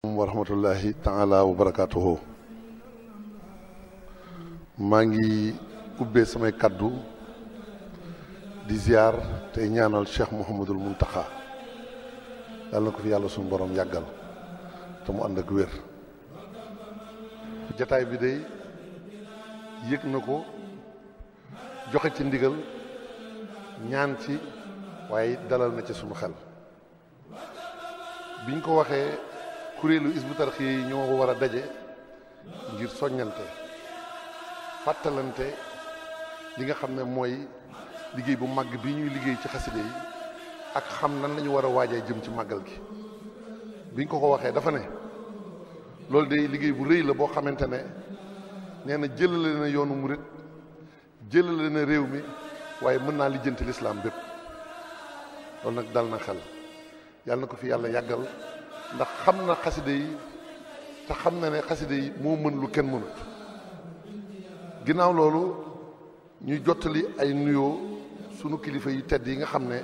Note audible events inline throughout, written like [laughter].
wa rahmatullahi taala wa maa ngi ubbee samay kàddu di ziar tey ñaanal cheikh Mouhamadul Muntaxa yàlla na ko fi yàlla suñu boroom yàggal te mu ànd ak wér jataay bi day yëg na ko joxe ci ndigal ñaan ci waaye dalal na ci suñu xel biñ ko waxee kuréelu Hizbut Tarqiyyah yi ñoo war a daje ngir soññante fàttalante li nga xam ne mooy liggéey bu màgg bi ñuy liggéey ci xaside yi ak xam nan lañu war a waajee jëm ci màggal gi biñ ko ko waxee dafa ne loolu day liggéey bu rëy la boo xamante ne nee na jëlale na yoonu murit jëlale na réew mi waaye mën naa lijjanti lislaam bépp loolu nag dal na xel yàlla na ko fi yàlla yàggal ndax xam na xasida yi te xam na ne xasida yi moo mën kenn mënut ginnaaw loolu ñuy jottali ay nuyoo sunu kilifa yi tedd yi nga xam ne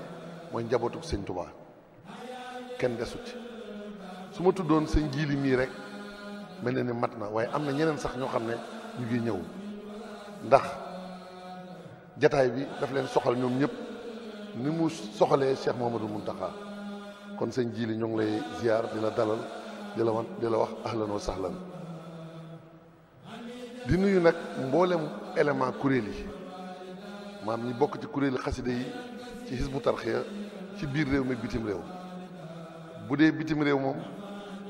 mooy njabootu sëñ Touba kenn desut su ma tuddoon sëñ jiili mii rek mel na ni mat na waaye am na ñeneen sax ñoo xam ne ñu ngi ñëw ndax jataay bi daf leen soxal ñoom ñëpp ni mu soxalee Cheikh mun Mountakha kon sëñ ji li ñoo ngi lay ziar di la dalal di la di la wax ahlan wa sahlan di nuyu nag mboolem élément kuréel yi maam ñi bokk ci kuréeli xasida yi ci Hizbut Tarqiyyah ci biir réew mi bitim réew bu dee bitim réew moom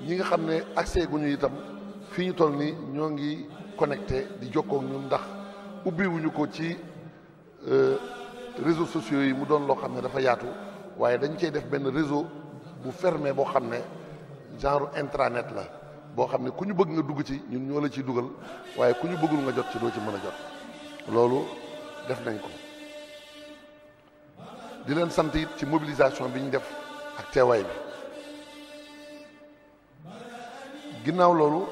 ñi nga xam ne accès gu ñu itam fii ñu toll nii ñoo ngi connecté di jokkoo ñun ndax ubbiwuñu ko ci euh, réseaux sociaux yi mu doon loo xam ne dafa yaatu waaye dañ cee def benn réseau bu fermé boo xam ne genre intranet la boo xam ne ku ñu bëgg nga dugg ci ñun ñoo la ciy dugal waaye ku ñu bëggul nga jot ci doo ci mën a jot loolu def nañ ko di leen sant it ci mobilisation bi ñu def ak teewaay bi ginnaaw loolu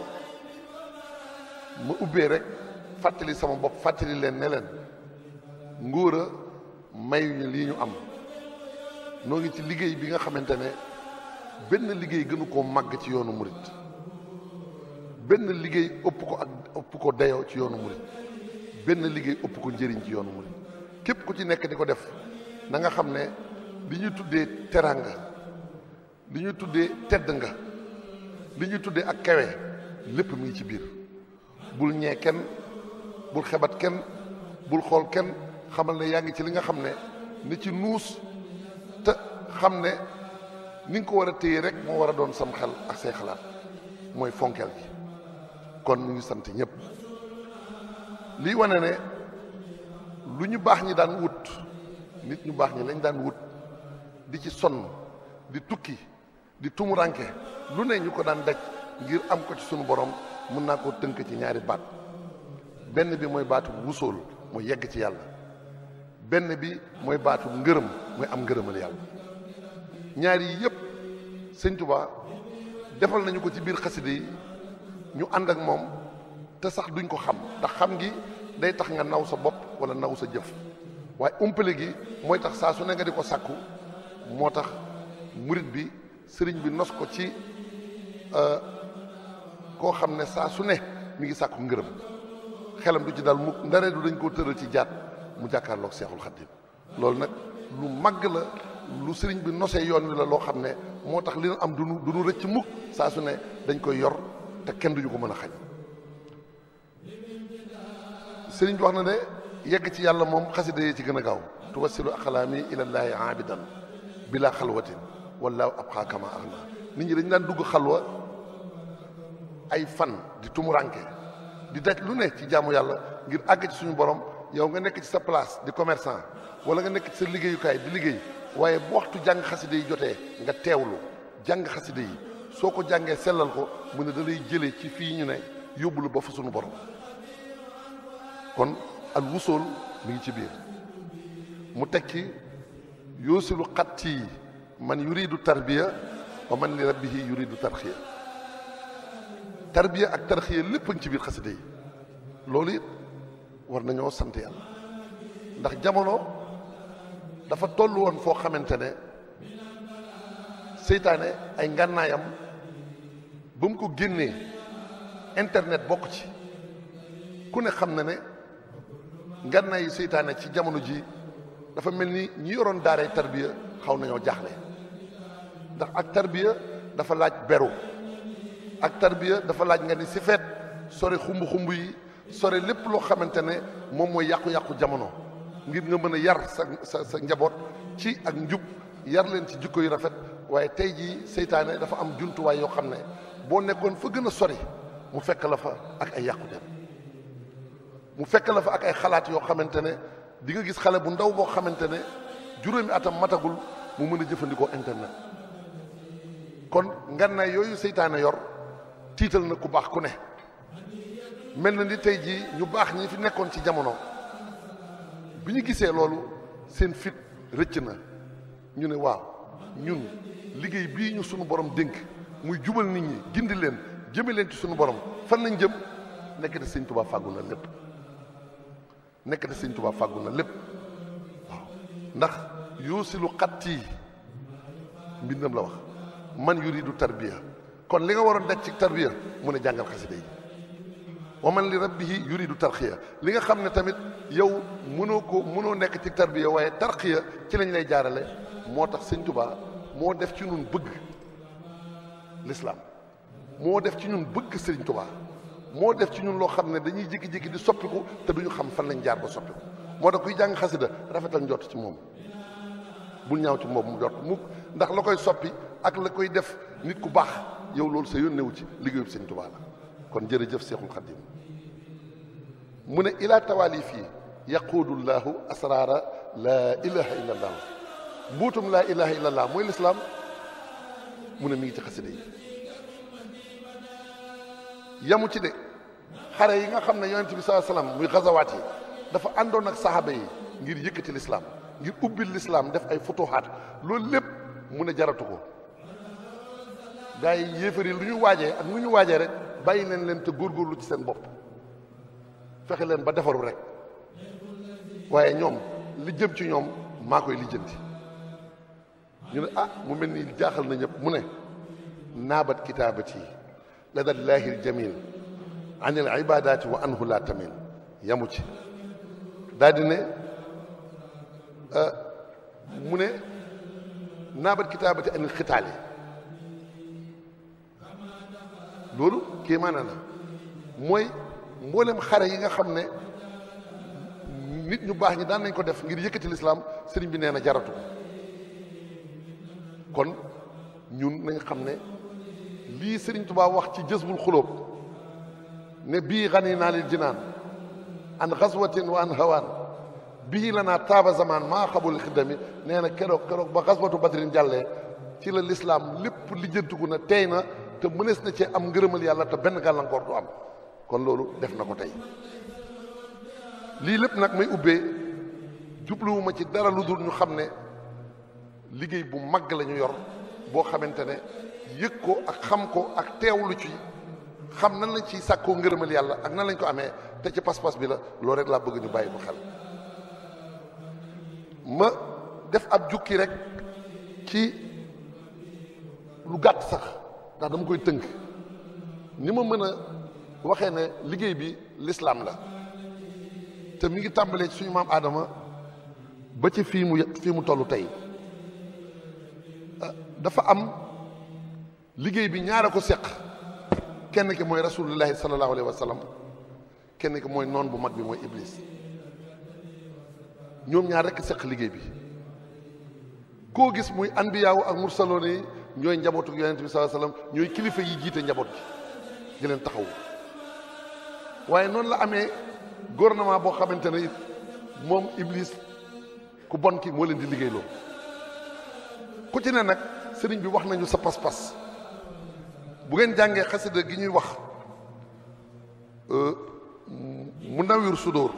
ma ubbee rek fàttali sama bopp fàttali leen ne leen nguur a mayuñu lii ñu am noo ci liggéey bi nga xamante ne benn liggéey gënu koo màgg ci yoonu murit benn liggéey ëpp ko ak ëpp ko dayoo ci yoonu benn liggéey ëpp ko njëriñ ci yoonu murit képp ku ci nekk di ko def nanga xam ne li ñu tuddee teranga li ñu tuddee tedd nga li ñuy tuddee ak kewe lépp mi ngi ci biir bul ñee kenn bul xebat kenn bul xool kenn xamal ne yaa ngi ci li nga xam ne ni ci nuus te xam ne ni ko war a téye rek moo war a doon sam xel ak say xalaat mooy fonkeel gi kon ñu ngi sant ñëpp lii wane ne lu ñu baax ñi daan wut nit ñu baax ñi lañ daan wut di ci sonn di tukki di tumuranke lu ne ñu ko daan daj ngir am ko ci sunu borom mën naa koo tënk ci ñaari baat benn bi mooy baatu wusool mooy yegg ci yàlla benn bi mooy baatu ngërëm mooy am ngërëmal yàlla ñaar yi yëpp sëñ Tuba defal nañu ko ci biir xasida yi ñu ànd ak moom te sax duñ ko xam ndax xam gi day tax nga naw sa bopp wala naw sa jëf waaye umpale gi mooy tax saa su ne nga di ko sàkku moo tax murit bi sëriñ bi nos ko ci euh, koo xam ne saa su ne mi ngi sàkku ngërëm xelam du ci dal mu ndaree du dañ koo tëral ci jaat mu jàkkaarloog seexul xaddim loolu nag lu màgg la lu sëriñ bi nosee yoon wi la loo xam ne moo tax li nu am du nu du nu rëcc mukk saa su ne dañ koy yor te kenn duñu ko mën a xañ sëriñ bi wax na ne yegg ci yàlla moom xasida yi ci gën a gaaw tuwassilu axlaami ilallaahi aabidan bila xalwatin wallaahu abxaa kama axna nit ñi dañ daan dugg xalwa ay fan di tumuranke di daj lu ne ci jaamu yàlla ngir àgg ci suñu borom yow nga nekk ci sa place di commerçant wala nga nekk ci sa liggéeyukaay di liggéey waaye bu waxtu jàng xasida yi jotee nga teewulu jàng xasida yi soo ko jàngee sellal ko mu ne da lay jëlee ci fii ñu ne yóbbulu ba fa sunu borom kon al wusool mi ngi ci biir mu tekki yoosilu xatti man yuridu tarbiya wa man li rabbihi yuridu tarxiya tarbiya ak tarxiya lépp ci biir xasida yi loolu it war nañoo sant yàlla ndax jamono dafa toll woon foo xamante ne seytaane ay ngànnaayam ba mu ko génnee internet bokk ci ku ne xam na ne ngànnaay yi seytaane ci jamono ji dafa mel ni ñi yoroon daaray tarbiya xaw nañoo jaaxle ndax ak tarbiya dafa laaj beru ak tarbiya dafa laaj nga ni si feet sore xumb xumb yi sore lépp loo xamante ne moom mooy yàqu-yàqu jamono ngir nga mën a yar sa sa sa njaboot ci ak njub yar leen ci jikko yu rafet waaye tey jii seytaane dafa am jumtuwaay yoo xam ne boo nekkoon fa gën a sori mu fekk la fa ak ay yàqu dem mu fekk fa ak ay xalaat yoo xamante ne di nga gis xale bu ndaw boo xamante ne juróomi atam matagul mu mën a jëfandikoo internet kon ngànnaay yooyu seytaane yor tiital na ku baax ku ne mel na ni tey jii ñu baax ñi fi nekkoon ci jamono. bi ñu gisee loolu seen fit rëcc na ñu ne waaw ñun liggéey bii ñu sunu borom dénk muy jubal nit ñi gindi leen jëme ci sunu borom fan lañ jëm nekk de sëñ Tuubaa fàggu na lépp nekk de sëñ Tuubaa fàggu na lépp waaw ndax yuusilu xatti mbindam la wax man yuridu tarbiya kon li nga waroon daj ci tarbiya mu ne jàngal xasida yi wa man bi rabbihi yuridu tarxiya li nga xam ne tamit yow mënoo ko mënoo nekk ci tarbiya waaye tarxiya ci lañ lay jaarale moo tax sëñ tubaa moo def ci ñun bëgg lislaam moo def ci ñun bëgg sëriñ Tuubaa moo def ci ñun loo xam ne dañuy jékki-jékki di soppiku te ñu xam fan lañ jaar ba soppiku moo tax kuy jàng xasida rafetal njott ci moom bul ñaaw ci moom mu jot mukk ndax la koy soppi ak la koy def nit ku baax yow loolu sa yónnewu ci liggéeyub sëñ Tuubaa la kon jërëjëf Seexul Xadiim mu ne ilaa tawaalif yi yaquudullaahu asraara laa ilaha illa allah laa ilaha illa allah mooy lislaam mun ne mi ngi ci xasida yi yamu ci de xare yi nga xam ne yonent bi saa salaam muy gazawaat yi dafa àndoon ak saxaaba yi ngir yëkkati lislaam ngir ubbi lislaam def ay futuhaat lool lépp mun ne jaratu ko gars yi yéefar yi lu ñu waajee ak nu ñu waajee rek bàyyi nañ leen te góorgóorlu ci seen bopp fexe leen ba defaru rek waaye ñoom li jëm ci ñoom maa koy lijjanti ñu ne ah mu mel ni jaaxal na ñëpp mu ne naabat kitaabati lada llaahi jamil an al ibadaati wa anhu la tamil yamu ci daal di ne mu ne naabat kitaabati anil xitaali loolu kii maanaa la mooy mboolem xare yi nga xam ne nit ñu baax ñi daan nañ ko def ngir yëkkati lislaam sëriñ bi nee na jaratu kon ñun nañ xam ne lii sëriñ Tuubaa wax ci jësbul xulóob ne bii xani naa lil jinaan an xaswatin wa an hawaan bii la naa taaba zamaan maa xabul xiddami nee na keroog keroog ba xaswatu badrin jàllee ci la lislaam lépp lijjantiku na tey na te mënees na cee am ngërëmal yàlla te benn gàllankoor du am kon loolu def na ko tey lii lépp nag may ubbee jubluwuma ci dara lu dul ñu xam ne liggéey bu mag la yor boo xamante ne yëg ko ak xam ko ak teewlu ci xam nan lañ ciy sàkkoo ngërëmal yàlla ak nan lañ ko amee te ci pas-pas bi la loolu rek laa bëgg ñu bàyyi ko xel ma def ab jukki rek ci lu gàtt sax ndax dama koy tënk ni ma mën a waxee ne liggéey bi lislaam la te mi ngi tàmbalee ci suñu maam aadama ba ci fii mu fii mu toll tey euh, dafa am liggéey bi ñaara ko seq kenn ki mooy rasulullahi sallallahu alayhi wa sallam kenn ki mooy noon bu mag bi mooy iblis ñoom ñaar rekk seq liggéey bi koo gis muy anbiyaawu ak mursaloon yi ñooy njabootu yonent bi sallallahu alayhi wa ñooy kilifa yi jiite njaboot gi di taxawu waaye noonu la amee gouvernement boo xamante ne it moom Iblis ku bon ki moo leen di liggéey loolu ku ci ne nag sëriñ bi wax nañu sa pas-pas bu ngeen jàngee xasida gi ñuy wax euh, mu nawir dóor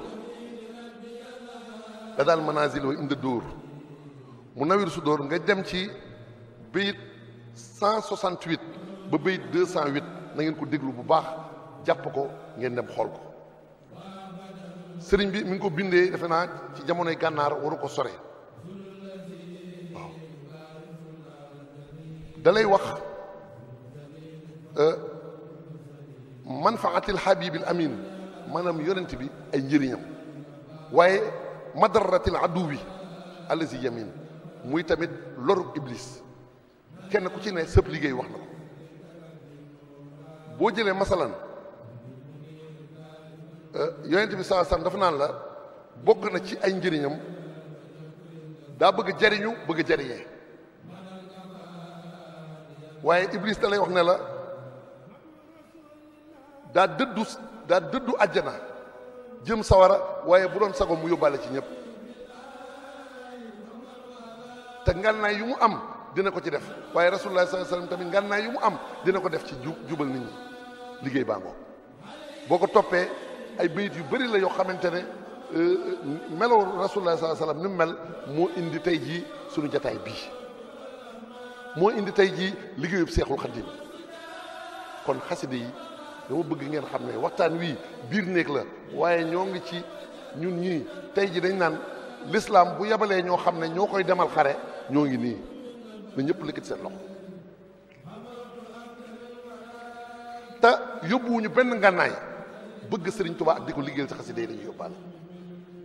da daal manazil wa inda dóor mu nawir dóor nga dem ci bayit 168 ba bayit 208 na ngeen ko déglu bu baax jàpp ko ngeen dem xool ko sëriñ bi mi ngi ko bindee defe naa ci jamonoy gànnaar waru ko sore waaw da lay wax manfaatil habibil amin maanaam yonent bi ay njëriñam waaye madarratil aduwi allazi yamin muy tamit loru iblis kenn ku ci ne sëb liggéey wax na ko boo jëlee masalan Euh, yonent bi saa sam dafa naan la bokk na ci ay njëriñam daa bëgg jariñu bëgg jariñee waaye iblis da lay wax ne la daa dëddu daa dëddu àjjana jëm sawara waaye bu doon sago mu yóbbaale ci ñëpp te ngànnaay yu mu am dina ko ci def waaye rasulullah sallallahu alayhi wasallam tamit ngànnaay yu mu am dina ko def ci jubal nit ñi liggéey baa ngoo boo ko toppee ay bayit yu bëri la yoo xamante ne euh, meloo rasulullah sallallahu alayhi wasallam ni mel moo indi tey jii suñu jataay bii moo indi tey jii liggéeyub seexul xaddim kon xaside yi dama bëgg ngeen xam ne waxtaan wii biir néeg la waaye ñoo ngi ci ñun ñii tey ji dañ naan lislaam bu yabalee ñoo xam ne ñoo koy demal xare ñoo ngi nii na ñëpp lëkkati seen loxo te yóbbuwuñu benn ngànnaay bëgg sëriñ Tuubaa ak di ko liggéeyal ci xasida yi dañuy yóbbaale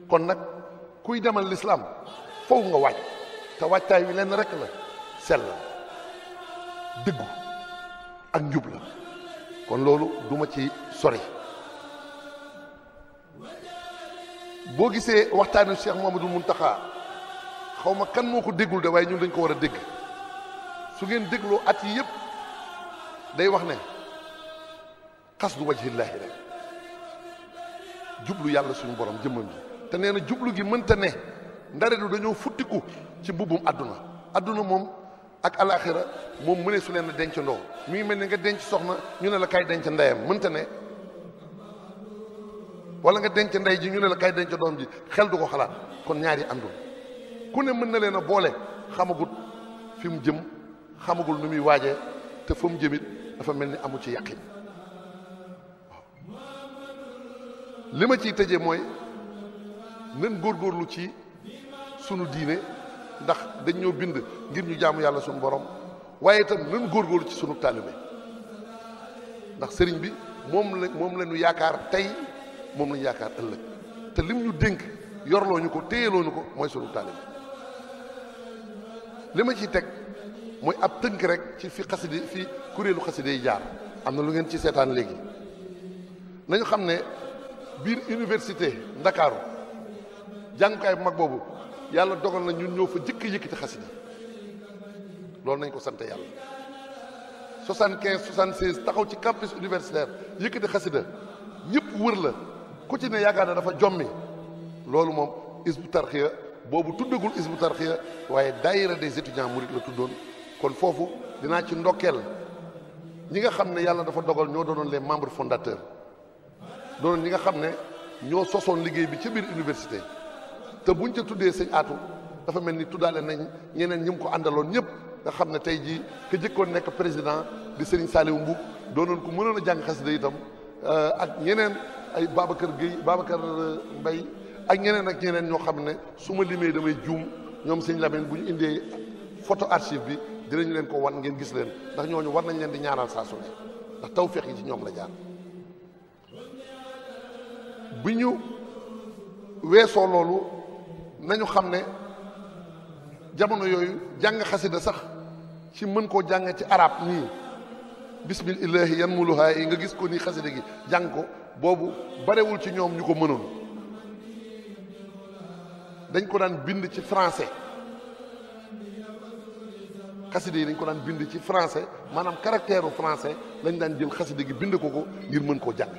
kon nag kuy demal lislaam foofu nga waaj te waajtaay wi lenn rek la sell dëggu ak njub la kon loolu duma ci sori boo gisee waxtaanu Cheikh Mouhamadou Mountakha xaw ma kan moo ko déggul de waaye ñun dañ ko war a dégg su ngeen dégloo at yi yëpp day wax ne xas du wajhillaahi rek jublu yàlla suñu borom jëmmam ji te nee jublu gi mënta ne ndare du dañoo futtiku ci mbubbum àdduna àdduna moom ak alaxira moom mu ne su leen a denc ndoo mi ngi mel ni nga denc soxna ñu ne la kay denc ndeyam mënta ne wala nga denc ndey ji ñu ne la kay denc doom ji xel du ko xalaat kon ñaari àndul ku ne mën na leen a boole xamagut fi mu jëm xamagul nu muy waaje te fa mu jëmit dafa mel ni amu ci yàqin li ma ciy tëje mooy nen góorgóorlu ci sunu diine ndax dañ ñoo bind ngir ñu jaamu yàlla sunu borom waaye itam nen góorgóorlu ci sunu taalibe ndax sëriñ bi moom la moom la ñu yaakaar tey moom la ñu yaakaar ëllëg te lim ñu dénk yorloo ñu ko téyeloo ñu ko mooy sunu taalibe li ma ciy teg mooy ab tënk rek ci fi xaside fi kuréelu xaside yi jaar am na lu ngeen ci seetaan léegi nañu xam ne biir université ndakaaru jàngukaay bu mag boobu yàlla dogal na ñun ñoo fa jëkk yëkkati xasida loolu nañ ko sant yàlla 75 76 taxaw ci campus universitaire yëkkati xasida ñëpp wër la ku ci dafa jommi loolu moom isbu tarxiya boobu tuddagul isbu tarxiya waaye daayira des étudiants murit la tuddoon kon foofu dinaa ci ndokkeel ñi nga xam ne yàlla dafa dogal ñoo doonoon les membres fondateurs doon ñi nga xam ne ñoo sosoon liggéey bi ci biir université te buñ ca tuddee sëñ aatu dafa mel ni tuddaale nañ ñeneen ñi ko àndaloon ñëpp nga xam ne tey jii ka jëkkoon nekk président di Serigne Saliou Mboup doonoon ko mënoon a jàng xasida itam euh, ak ñeneen ay Babacar Guèye Babacar euh, Mbaye ak ñeneen ak ñeneen ñoo xam ne suma ma limee damay juum ñoom sëñ Lamine bu ñu indee photo archive bi dinañ leen ko wan ngeen gis leen ndax ñooñu war nañ leen di ñaanal saa su ne ndax tawfeex ci ñoom la jaar. bu ñu weesoo loolu nañu xam ne jamono yooyu jàng xasida sax ci mën koo jàng ci arab nii bismillahi yan muluhaa yi nga gis ko nii xasida gi jàng ko boobu barewul ci ñoom ñu ko mënoon dañ ko daan bind ci français xasida yi dañ ko daan bind ci français maanaam caractère français lañ daan jël xasida gi bind ko ko ngir mën koo jàng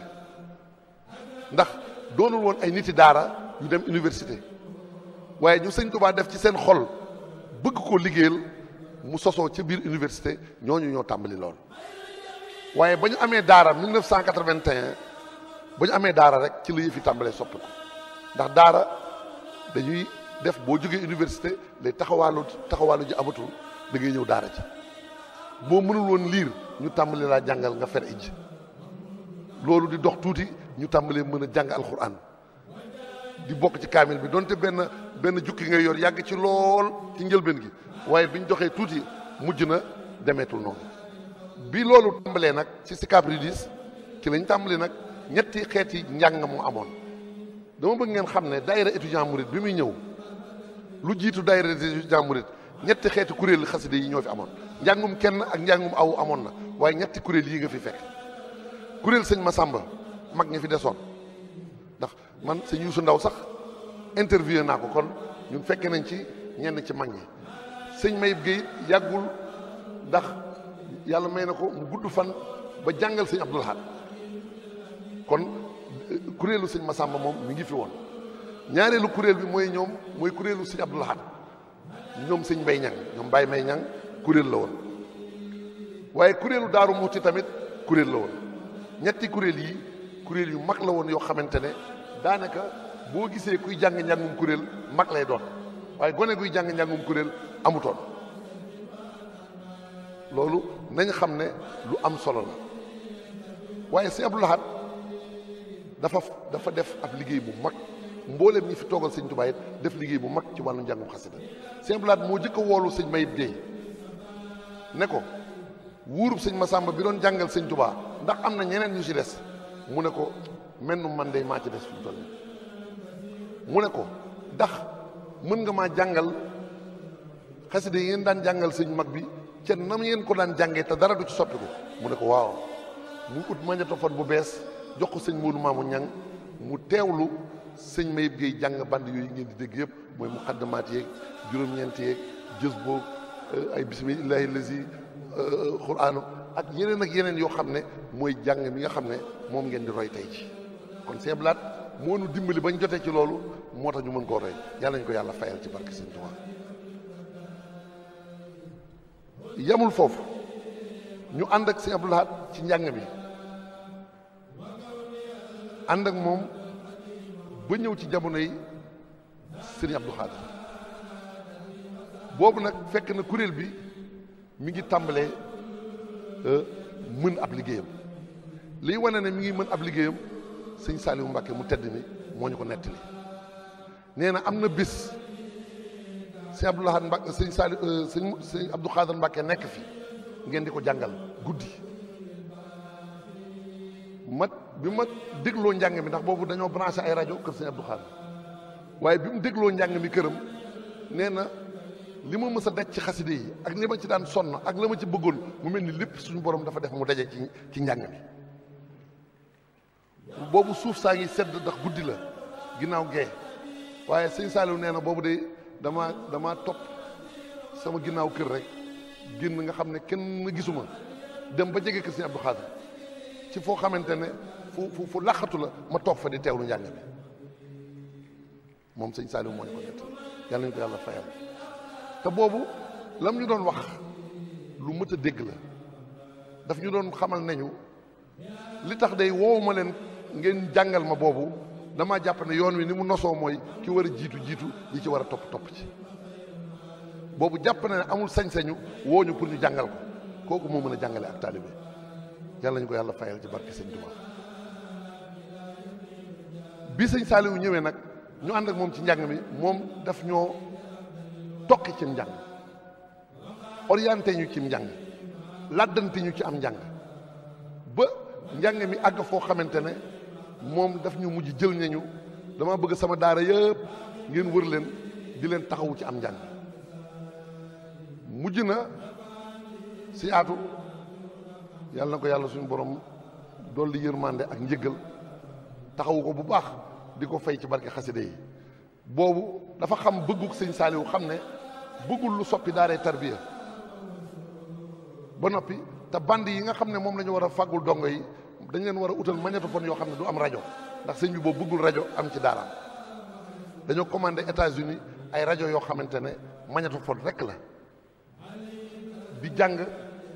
ndax doonul woon ay niti daara yu dem université waaye ñu sëñ Tuubaa def ci seen xol bëgg ko liggéeyal mu sosoo ca biir université ñooñu ñoo tàmbali lool. waaye ba ñu amee daara 1981 ba ñu amee daara rek ci la yëf yi tàmbalee soppi ko ndax daara dañuy def boo jógee université lay taxawaalu taxawaalu ji amatul da ñëw daara ci boo mënul woon liir ñu tàmbali laa jàngal nga fer ij loolu di dox tuuti ñu tàmbalee mën a jàng alxuraan di bokk ci kaamil bi donte benn benn jukki nga yor yàgg ci lool ci njëlbeen gi waaye bi ñu doxee tuuti mujj na demeetul noonu bi loolu tàmbalee nag ci Sicap Ridis ci lañ tàmbalee nag ñetti xeeti njàng mu amoon dama bëgg ngeen xam ne daayira étudiant murid bi muy ñëw lu jiitu daayira étudiant murid ñetti xeeti kuréel xaside yi ñoo fi amoon njàngum kenn ak njàngum aw amoon na waaye ñetti kuréel yi nga fi fekk kuréelu sëñ Massamba mag ñi fi desoon ndax man sëñ Youssou Ndaw sax interviewé naa ko kon ñu fekke nañ ci ñenn ci mag ñi sëñ Mayib Guèye yàggul ndax yàlla may na ko mu gudd fan ba jàngal sëñ Abdoul Ahad kon euh, kuréelu sëñ Massamba moom mi ngi fi woon ñaareelu kuréel bi mooy ñoom mooy kuréelu sëñ Abdoul Ahad ñoom sëñ Mbaye Niang ñoom Mbaye Mbaye Niang kuréel la woon waaye kuréelu Daaru Muxti tamit kuréel la woon ñetti kuréel yi kuréel yu mag la woon yoo xamante ne daanaka boo gisee kuy jàng njàngum kuréel mag lay doon waaye gone guy jàng njàngum kuréel amutoon loolu nañ xam ne lu am solo waaye sëñ Abdou Lahad dafa def ab liggéey bu mag mbooleem ñi fi toogal sëñ Tuubaa it def liggéey bu mag ci wàllu njàngum xasida sëñ Abdou Lahad moo jëkk a woolu sëñ Mayib Gueye ne ko wuurub sëñ sàmba bi doon jàngal sëñ Tuubaa ndax am na ñeneen ñu ci mu ne ko menn man dey maa ci des fi mu toll mu ne ko dax mën nga maa jàngal xasida yi ngeen daan jàngal sëñ mag bi ca nam yéen ko daan jàngee te dara du ci soppiku mu ne ko waaw mu ut magnétophone bu bees jox ko sëñ Moodu Maamu Ñang mu teewlu sëñ Mayib Gueye jàng band yooyu ngeen di dégg yëpp mooy mu xaddamaat yeeg juróom-ñeent yeeg jës boog ay bismillahi lazi euh, euh, quraanu ak yeneen ak yeneen yoo xam ne mooy jàng mi nga xam ne moom ngeen di roy tey ci kon seen blaat moo nu dimbali bañ jotee ci loolu moo tax ñu mën koo roy yàlla ko yàlla fayal ci barke Sëñ Tuubaa yamul foofu ñu ànd ak ci njàng bi ànd moom ba ñëw ci jamono yi sëñ Abdou Khadr boobu nag fekk na kuréel bi mi ngi tàmbalee mën ab liggéeyam liy wane ne mi ngi mën ab liggéeyam sëñ Saliou Mbacke mu tedd mi moo ñu ko nettali nee na am na bés sëñ Abdou Lahad Mbacke sëñ Saliou euh, sëñ sëñ Abdou Khadre nekk fi ngeen di ko jàngal guddi ma bi mat dégloo njàng mi ndax boobu dañoo branché ay rajo kër sëñ Abdou waaye bi mu dégloo njàng mi këram nee na. li ma mës a daj ci xaside yi ak li ma ci daan sonn ak la ma ci bëggoon mu mel ni lépp suñu borom dafa def mu daje ci ci njàng boobu suuf saa ngi sedd ndax guddi la ginnaaw gee waaye sëñ Saliou nee na boobu de dama damaa topp sama ginnaaw kër rek génn nga xam ne kenn gisuma dem ba jege kër sëñ Abdou Khadir ci foo xamante ne fu fu fu laqatu la ma toog fa di teewlu njàng mi moom sëñ Saliou moo ñu ko nett yàlla ñu ko yàlla fayal te boobu lam ñu doon wax lu mët a dégg la daf ñu doon xamal nañu li tax day woow ma leen ngeen jàngal ma boobu dama jàpp ne yoon wi ni mu nosoo mooy ki war a jiitu jiitu ñi ci war a topp topp ci boobu jàpp na ne amul sañ-sañu woo ñu pour ñu jàngal ko kooku moo mën a jàngale ak taalibe yàlla ñu ko yàlla fayal ci barke sëñ Tuubaa bi sëñ Saaliwu ñëwee nag ñu ànd moom ci njàng mi moom daf ñoo tokki ci njàng orienté ñu ci njàng ñu ci am njàng ba njàng mi àgg foo xamante ne moom daf ñu mujj jël nañu dama bëgg sama daara yëpp ngeen wër leen di leen taxawu ci am njàng mujj na si aatu yàlla ko yàlla suñu borom dolli yërmande ak njëggal taxawu ko bu baax di ko fay ci barke xaside yi bobu dafa xam bëgguk sëñ saliw xam ne bëggul lu soppi daaree tarbiya ba nopi ta band yi nga xam ne moom la ñu war dongo yi dañ leen wara outal magnétophone yo xam ne du am radio ndax sëñ bi boobu bëggul radio am ci daara dañu commander États-Unis ay radio yo xamantene magnétophone rek la di jang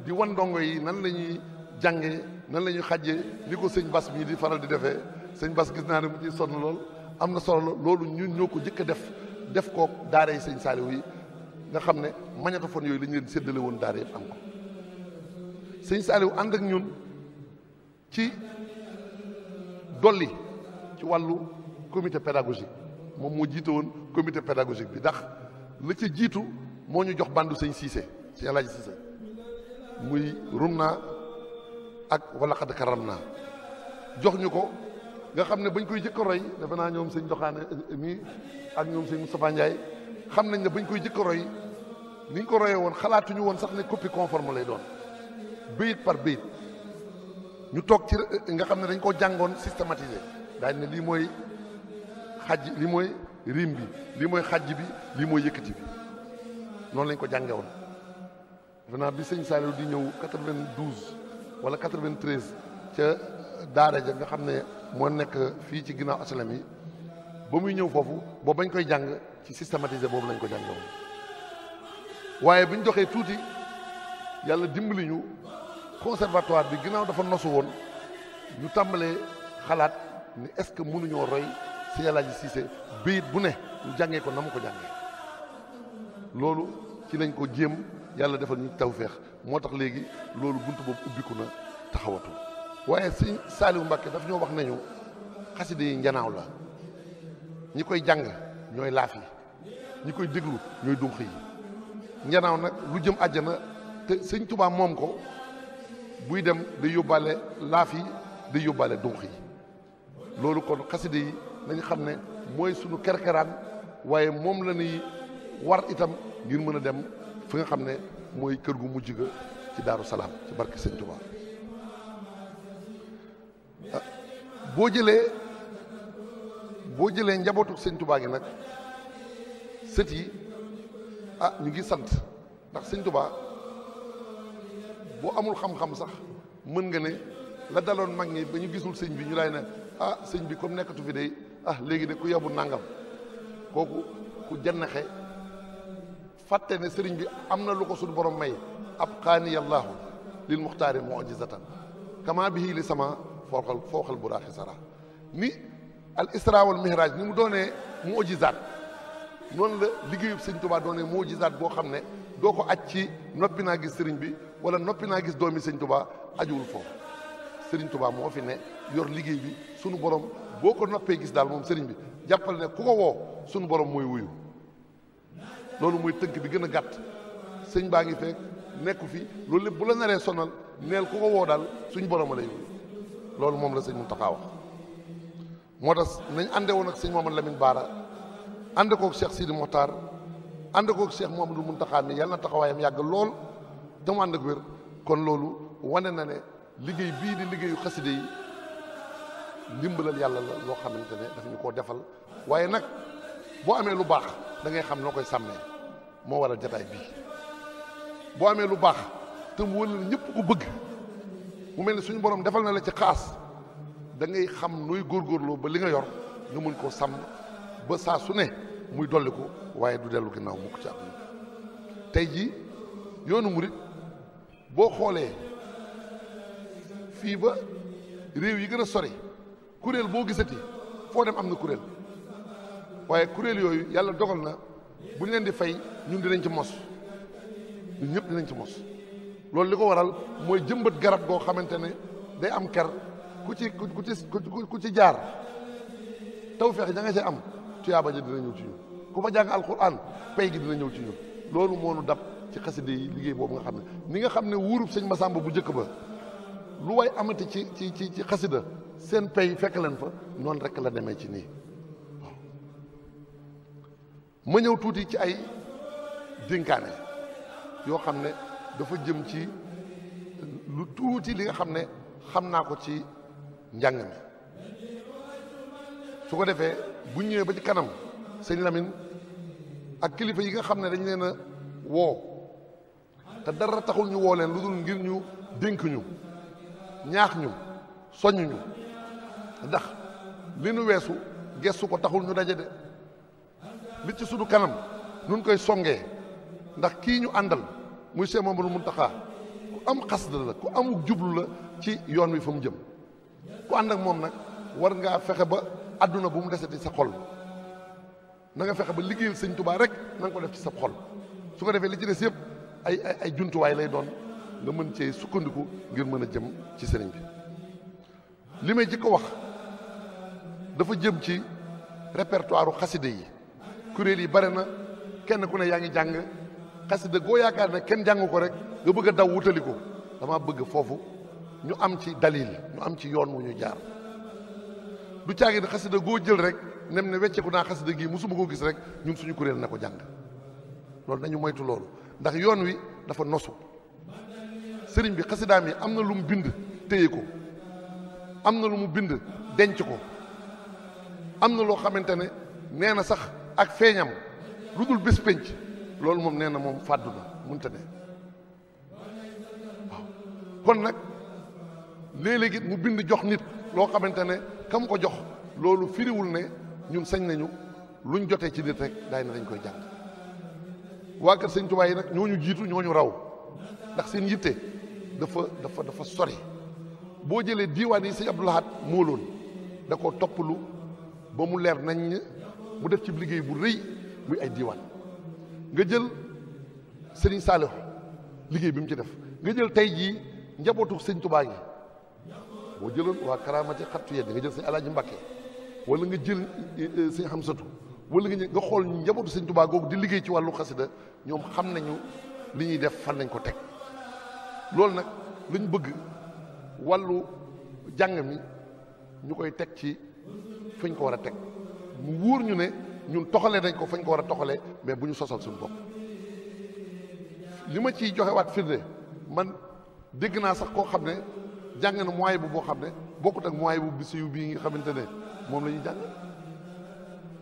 di won dongo yi nan lañuy jangé nan lañuy xajé xàjjee ni ko sëñ Bas mii di faral di défé sëñ bass gis na ni mu ci son lool am na solo loolu ñun ñoo ko jëkk a def def ko daara yi sëñ Saaliw yi nga xam ne magnétophone yooyu la ñu leen séddale woon daara yëpp ko sëñ Saaliw ànd ak ñun ci dolli ci wàllu comité pédagogique moom moo jiite woon comité pédagogique bi ndax la ca jiitu moo ñu jox bandu sëñ Cissé sëñ Alaaji Cissé muy rum naa ak wala xadd karam naa jox ñu ko nga xam ne bañ koy jëkk roy defe naa ñoom sëñ doxaane eh, mii ak ñoom sëñ Moustapha Ndiaye xam nañ ne bañ koy jëkk roy ni ñu ko royee woon xalaatuñu woon sax ne copie conforme lay doon béyit par béyit ñu toog ci eh, nga xam ne dañ koo jàngoon systématisé daañu ne lii mooy xaj lii mooy rim bi lii mooy xaj bi lii mooy yëkkati bi noonu lañ ko jànge woon naa bi sëñ Saliou di ñëw 92 wala 93 ca daara nga xam ne moo nekk fii ci ginnaaw asalam yi ba muy ñëw foofu boobu bañ koy jàng ci systématisé boobu lañ ko jànge woon waaye bu ñu doxee tuuti yàlla dimbali ñu conservatoire bi ginnaaw dafa nosu woon ñu tàmbalee xalaat ni est-ce que mënuñoo roy Sëñ Alaaji Siise béyit bu ne ñu jàngee ko na mu ko jàngee loolu ci lañ ko jéem yàlla defal ñu tawféex moo tax léegi loolu bunt boobu ubbiku na taxawatu waaye si Saliou Mbacke daf ñoo wax nañu xasida yi njanaaw la ñi koy jàng ñooy laaf ñi koy déglu ñooy dunq yi njanaaw nag lu jëm àjjana te sëñ Touba moom ko buy dem day yóbbaale laafi yi day yóbbaale yi loolu kon xasida yi nañ xam ne mooy sunu kerkeraan waaye moom la ñuy war itam ngir mën a dem fu nga xam ne mooy kër gu mujj ga ci Daaru Salaam ci barke sëñ Touba boo jëlee boo jëlee njabootu sëñ tubaa gi nag sët a ah ñu ngi sant ndax sëñ tubaa boo amul xam-xam sax mën nga ne la daloon mag ngi ba ñu gisul sëñ bi ñu lay ne a ah, sëñ bi comme nekkatu fi day a ah, léegi de ku yabu nangam kooku ku jannaxe fàtte ne sëriñ bi am na lu ko suñu borom may ab xaani yallaahu lil muxtaari mujizatan kama bihi li sama فوق فوخال بورا خسارا ني الاسراء والمهراج نيمو دوني معجزات نون لا ليغي سيغ توبا دوني معجزات بو خامني دوكو اتشي نوبي نا غيس بي ولا نوبي نا دومي سيغ توبا اديول فو سيرين توبا مو في ني يور ليغي بي سونو بوروم بوكو نوبي غيس دال موم سيرين بي جابال ني كوكو وو سونو بوروم موي ويو لولو موي تنك بي غينا غات سيغ باغي فيك نيكو في لولو بولا ناري سونال نيل كوكو وو دال سونو بوروم لا يويو loolu mom la seigne Muntaxa wax motax nañ ànde won ak seigne Mamadou Lamine Baara ko ak Cheikh Sidi Mokhtar ko ak Cheikh Mamadou Muntaxa mi yalla taxawayam yag lool dama and ak wér kon loolu wané na né liggéey bi di liggéeyu khasside yi ndimbalal yalla la lo xamantene daf ñu koo defal waye nak bo amé lu bax da ngay xam noo samé mo waral jataay bii boo lu bax te mu wëlal ku bëgg mu mel ni suñu borom defal na la ci xaas dangay xam nuy góorgóorloo ba li nga yor nga mën koo sàmm ba saa su ne muy dolliku waaye du dellu ginnaaw mukk ci àdduna tey jii yoonu murit boo xoolee fii ba réew yi gën a sori kuréel boo gisati foo dem am na kuréel waaye kuréel yooyu yàlla dogal na bu ñu leen di fay ñun dinañ ci mos ñun ñëpp dinañ ci mos loolu li ko waral mooy jëmbat garab goo xamante ne day am ker ku ci ku ci ku ci jaar taw feex ja nga ci am tuyaaba ja dina ñëw ci ku ku fa jàng alquran pey gi dina ñëw ci ñun loolu moo nu dab ci xaside yi liggéey boobu nga xam ne ni nga xam ne wuurub sëñ Masamba bu njëkk ba lu way amati ci ci ci ci xasida seen pay fekk leen fa noonu rek la demee ci nii waaw ma ñëw tuuti ci ay dénkaane yoo xam ne dafa jëm ci lu tuuti li nga xam ne xam naa ko ci njàng mi ko defee bu ñëwee ba ci kanam sëñ ak kilifa yi nga xam ne dañ leen a woo te dara taxul ñu woo leen lu dul ngir ñu dénk ñu ñaax ñu soññ ñu ndax li nu weesu gestu ko taxul ñu daje de li ci sunu kanam nun koy songee ndax kii ñu àndal muy Cheikh mun taxa ku am xasda la ku amuk jublu la ci yoon wi fa mu jëm ku ànd ak moom nag war ngaa fexe ba àdduna bu mu deseti sa xol nanga fexe ba liggéeyal sëñ Tuubaa rek na ko def ci sa xol su ko defee li ci des yëpp ay ay jumtuwaay lay doon nga mën cee sukkandiku ngir mën a jëm ci sëriñ bi li may jëkk wax dafa jëm ci répertoire xaside yi kuréel yi bare na kenn ku ne yaa ngi jàng xasida goo yaakaar ne kenn jàng ko rek nga bëgg a daw wutaliko dama bëgg foofu ñu am ci dalil ñu am ci yoon wu ñu jaar du caagi ne xasida goo jël rek nem ne wecceeku naa xasida gii musuma koo gis rek ñun suñu kuréel na ko jàng loolu nañu moytu loolu ndax yoon wi dafa nosu sëriñ bi xasidaam yi am na lu mu bind téye ko am na lu mu bind denc ko am na loo xamante ne nee na sax ak feeñam lu dul bés pénc loolu moom nee na moom fàddu na mënta kon nag léeg-léeg mu bind jox nit loo xamante ne kam ko jox loolu firiwul ne ñun sañ nañu luñ jotee ci nit rek daay na dañ koy jàng waa kër sëñ Tuubaa yi nag ñooñu jiitu ñooñu raw ndax seen yitte dafa dafa dafa sori boo jëlee diiwaan yi sëñ Abdou Lahad da ko toppalu ba mu leer nañ mu def ci liggéey bu rëy muy ay diiwaan nga jël Serigne Saliou liggéey bi mu ci def nga jël tey jii njabootu sëñ Tubaa gi boo jëloon waa Karaamati xattu yedd nga jël sëñ Alaaji Mbàkke wala nga jël eh, eh, sëñ xam wala nga nga xool njabootu sëñ Tubaa googu di liggéey ci wàllu xasida ñoom xam nañu li ñuy def fan nañ ko teg loolu nag lañ bëgg wàllu jàng mi ñu koy teg ci fañ ko war a teg mu wóor ñu ne ñun toxalee nañ ko fañ ko war a toxalee mais bu ñu sosal suñu bopp li ma ciy joxe waat firnde man dégg naa sax koo xam ne jàng na moyen bu boo xam ne boo bokkut ak moyen bu bisi yu bii nga xamante ne moom lañu ñuy jàng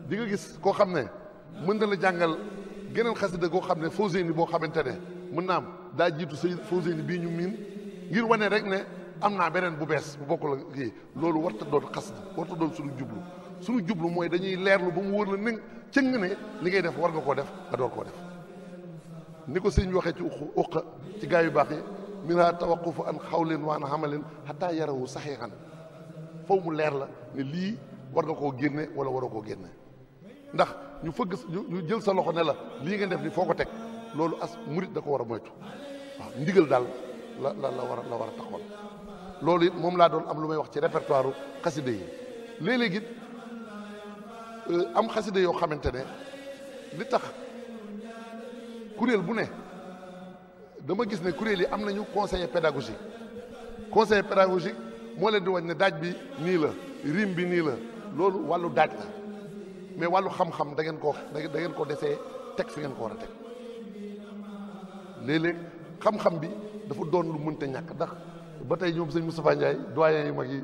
di nga gis koo xam ne mën na la jàngal geneen xasida goo xam ne Fawzeyni boo xamante ne mën naa am daa jiitu sa Fawzeyni bii ñu miin ngir wane rek ne am naa beneen bu bees bu bokkul ak kii loolu warta doon xasida warta doon suñu jublu suñu jublu mooy dañuy leerlu ba mu wër la ni cëng ne li ngay def war nga koo def nga door koo def ni ko sëñ bi waxee ci uq ci gaa yu baax yi minha tawaqufu an xawlin wa an amalin xataa yarawu saxiixan foo mu leer la ne lii war nga koo génne wala a koo génne ndax ñu fëgg ñu jël sa loxo ne la lii nga def ni foo ko teg loolu as murit da ko war a moytu waaw ndigal daal la la la war a la a taxoon loolu it moom laa doon am lu may wax ci répertoire xaside Euh, am xasida yoo xamante ne li tax kuréel bu ne dama gis ne kuréel yi am nañu conseiller pédagogique conseiller pédagogique moo leen di wañ ne daaj bi nii la rim bi nii la loolu wàllu daaj la mais wàllu xam-xam da ngeen koo da ngeen ko desee teg fi ngeen ko war a teg léeg xam-xam bi dafa doon lu mënta ñàkk ndax ba tey ñoom sëñ Moustapha Ndiaye doyen yu mag yi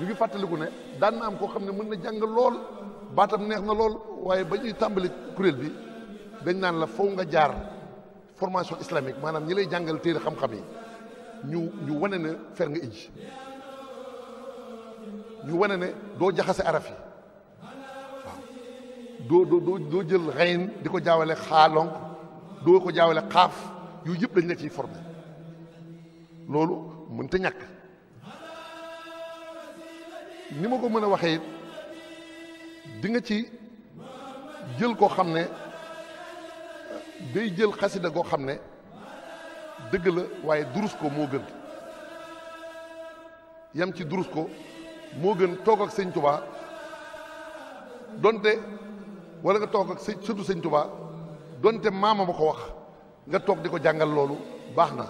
ñu ngi fàttaliku ne daan na am koo xam ne mën na jàng lool baatam neex na lool waaye ba ñuy tàmbali kuréel bi dañ naan la foog nga jaar formation islamique maanaam ñi lay jàngal téere xam-xam yi ñu ñu wane ne fer nga ij ñu wane ne doo jaxase araf yi waaw doo doo doo jël xayn di ko jaawale xaalonk doo ko jaawale xaaf yooyu yëpp dañ la ciy formé loolu mënta ñàkk ni ma ko mën a waxee di nga ci jël koo xam ne day jël xasida goo xam ne dëgg la waaye durus ko moo gën yam ci durus ko moo gën toog ak sëñ tubaa donte wala nga toog ak sëñ sëtu sëñ tubaa donte maama ma ko wax nga toog di ko jàngal loolu baax na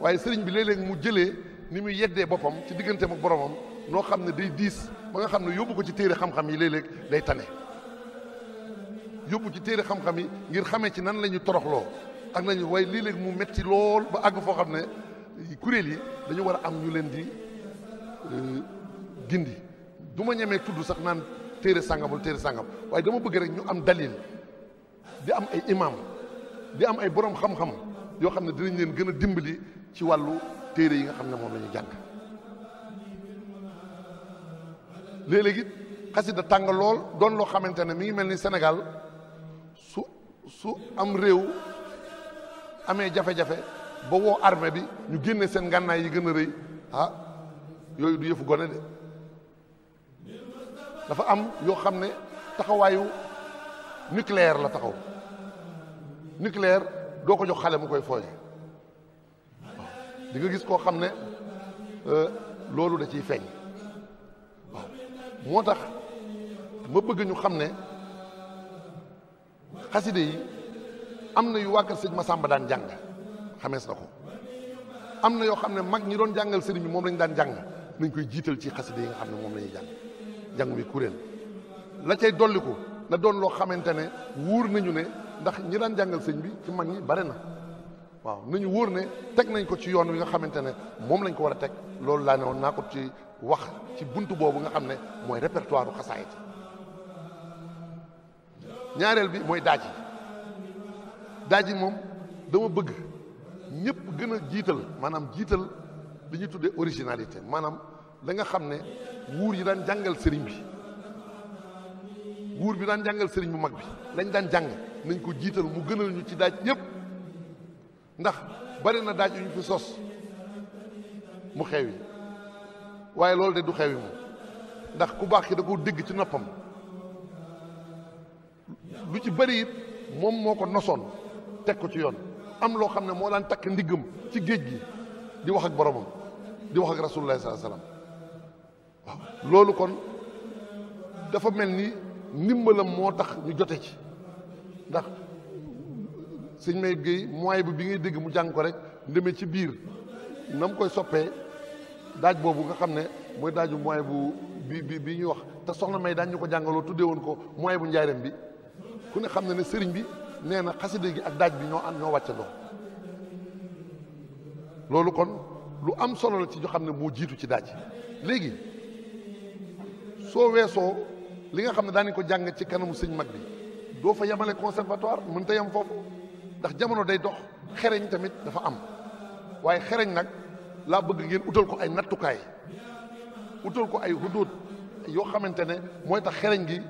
waaye sëriñ bi léeg mu jëlee ni muy yeddee boppam ci digganteem ak boromam noo xam ne day diis ba nga xam ne yóbbu ko ci téere xam-xam yi léeg-léeg day tane yóbbu ci téere xam-xam yi ngir xamee ci nan la ñu toroxloo ak nañu waaye léeg-léeg mu metti lool ba àgg foo xam ne kuréel yi dañu war a am ñu leen di euh, gindi du ma ñemee tudd sax naan téere sàngam téere sàngam waaye dama bëgg rek ñu am dalil di am ay imam di am ay borom xam-xam yoo xam ne dinañ leen gën a dimbali ci wàllu téere yi nga xam ne moom la ñu jàng léeg-léeg it xasida tàng lool doon loo xamante ne mi ngi mel ni senegal su su am réew amee jafe-jafe ba woo armée bi ñu génne seen ngànnaay yi gën a rëy ah yooyu du yëfu gone de dafa am yoo xam ne taxawaayu nucléaire la taxaw nucléaire doo ko jox xale mu koy fooye di nga gis koo xam ne euh, loolu da ciy feeñ moo tax ma ñu xam ne xaside am na yu waa kër sëñ Masamba daan jàng xamees na ko am na yoo xam ne mag ñi doon jàngal sëriñ bi moom lañu daan jàng nañ koy jiital ci xaside yi nga xam ne moom la ñuy jàng jàng wi kuréel la dolliku na doon loo xamante ne wuur nañu ne ndax ñi daan jàngal sëñ bi ci mag ñi bare na waaw nañu wóor ne teg nañ ko ci yoon wi nga xamante ne moom lañ ko war a teg loolu laa ne woon naa ko ci wax ci buntu boobu nga xam ne mooy répertoire u xasaayit ñaareel bi mooy daaj yi daaj yi moom dama bëgg ñëpp gën a jiital maanaam jiital li ñuy tuddee originalité maanaam la nga xam ne wuur yi daan jàngal sëriñ bi wuur bi daan jàngal sëriñ bu mag bi lañ daan jàng nañ ko jiital mu gënal ñu ci daaj ñëpp ndax bari na daaj yu ñu fi sos mu xewwi waaye loolu de du xewi moom ndax ku baax ki da dégg ci noppam lu ci bari it moom moo ko nosoon teg ko ci yoon am loo xam ne moo daan takk ndiggam ci géej gi di wax ak boromam di wax ak rasulullah sallallahu loolu kon dafa mel ni ndimbalam moo tax ñu jote ci ndax sëñ Mayib Guèye mooy bi bi ngay dégg mu jàng ko rek ndeme ci biir na koy soppee daaj boobu nga xam ne mooy daaju mooy bu bii bi bi ñuy wax te soxna May daañu ko jàngaloo tuddee woon ko mooy bu njaareem bi ku ne xam ne sëriñ bi nee na xasida gi ak daaj bi ñoo ànd ñoo wàccandoo loolu kon lu am solo la ci joo xam ne moo jiitu ci daaj léegi soo weesoo li nga xam ne daanañ ko jàng ci kanamu sëñ mag bi doo fa yemale conservatoire mën ta yem foofu ndax jamono day dox xereñ tamit dafa am waaye xereñ nag laa bëgg ngeen utal ko ay nattukaay utal ko ay hudud yoo xamante ne mooy tax xereñ gi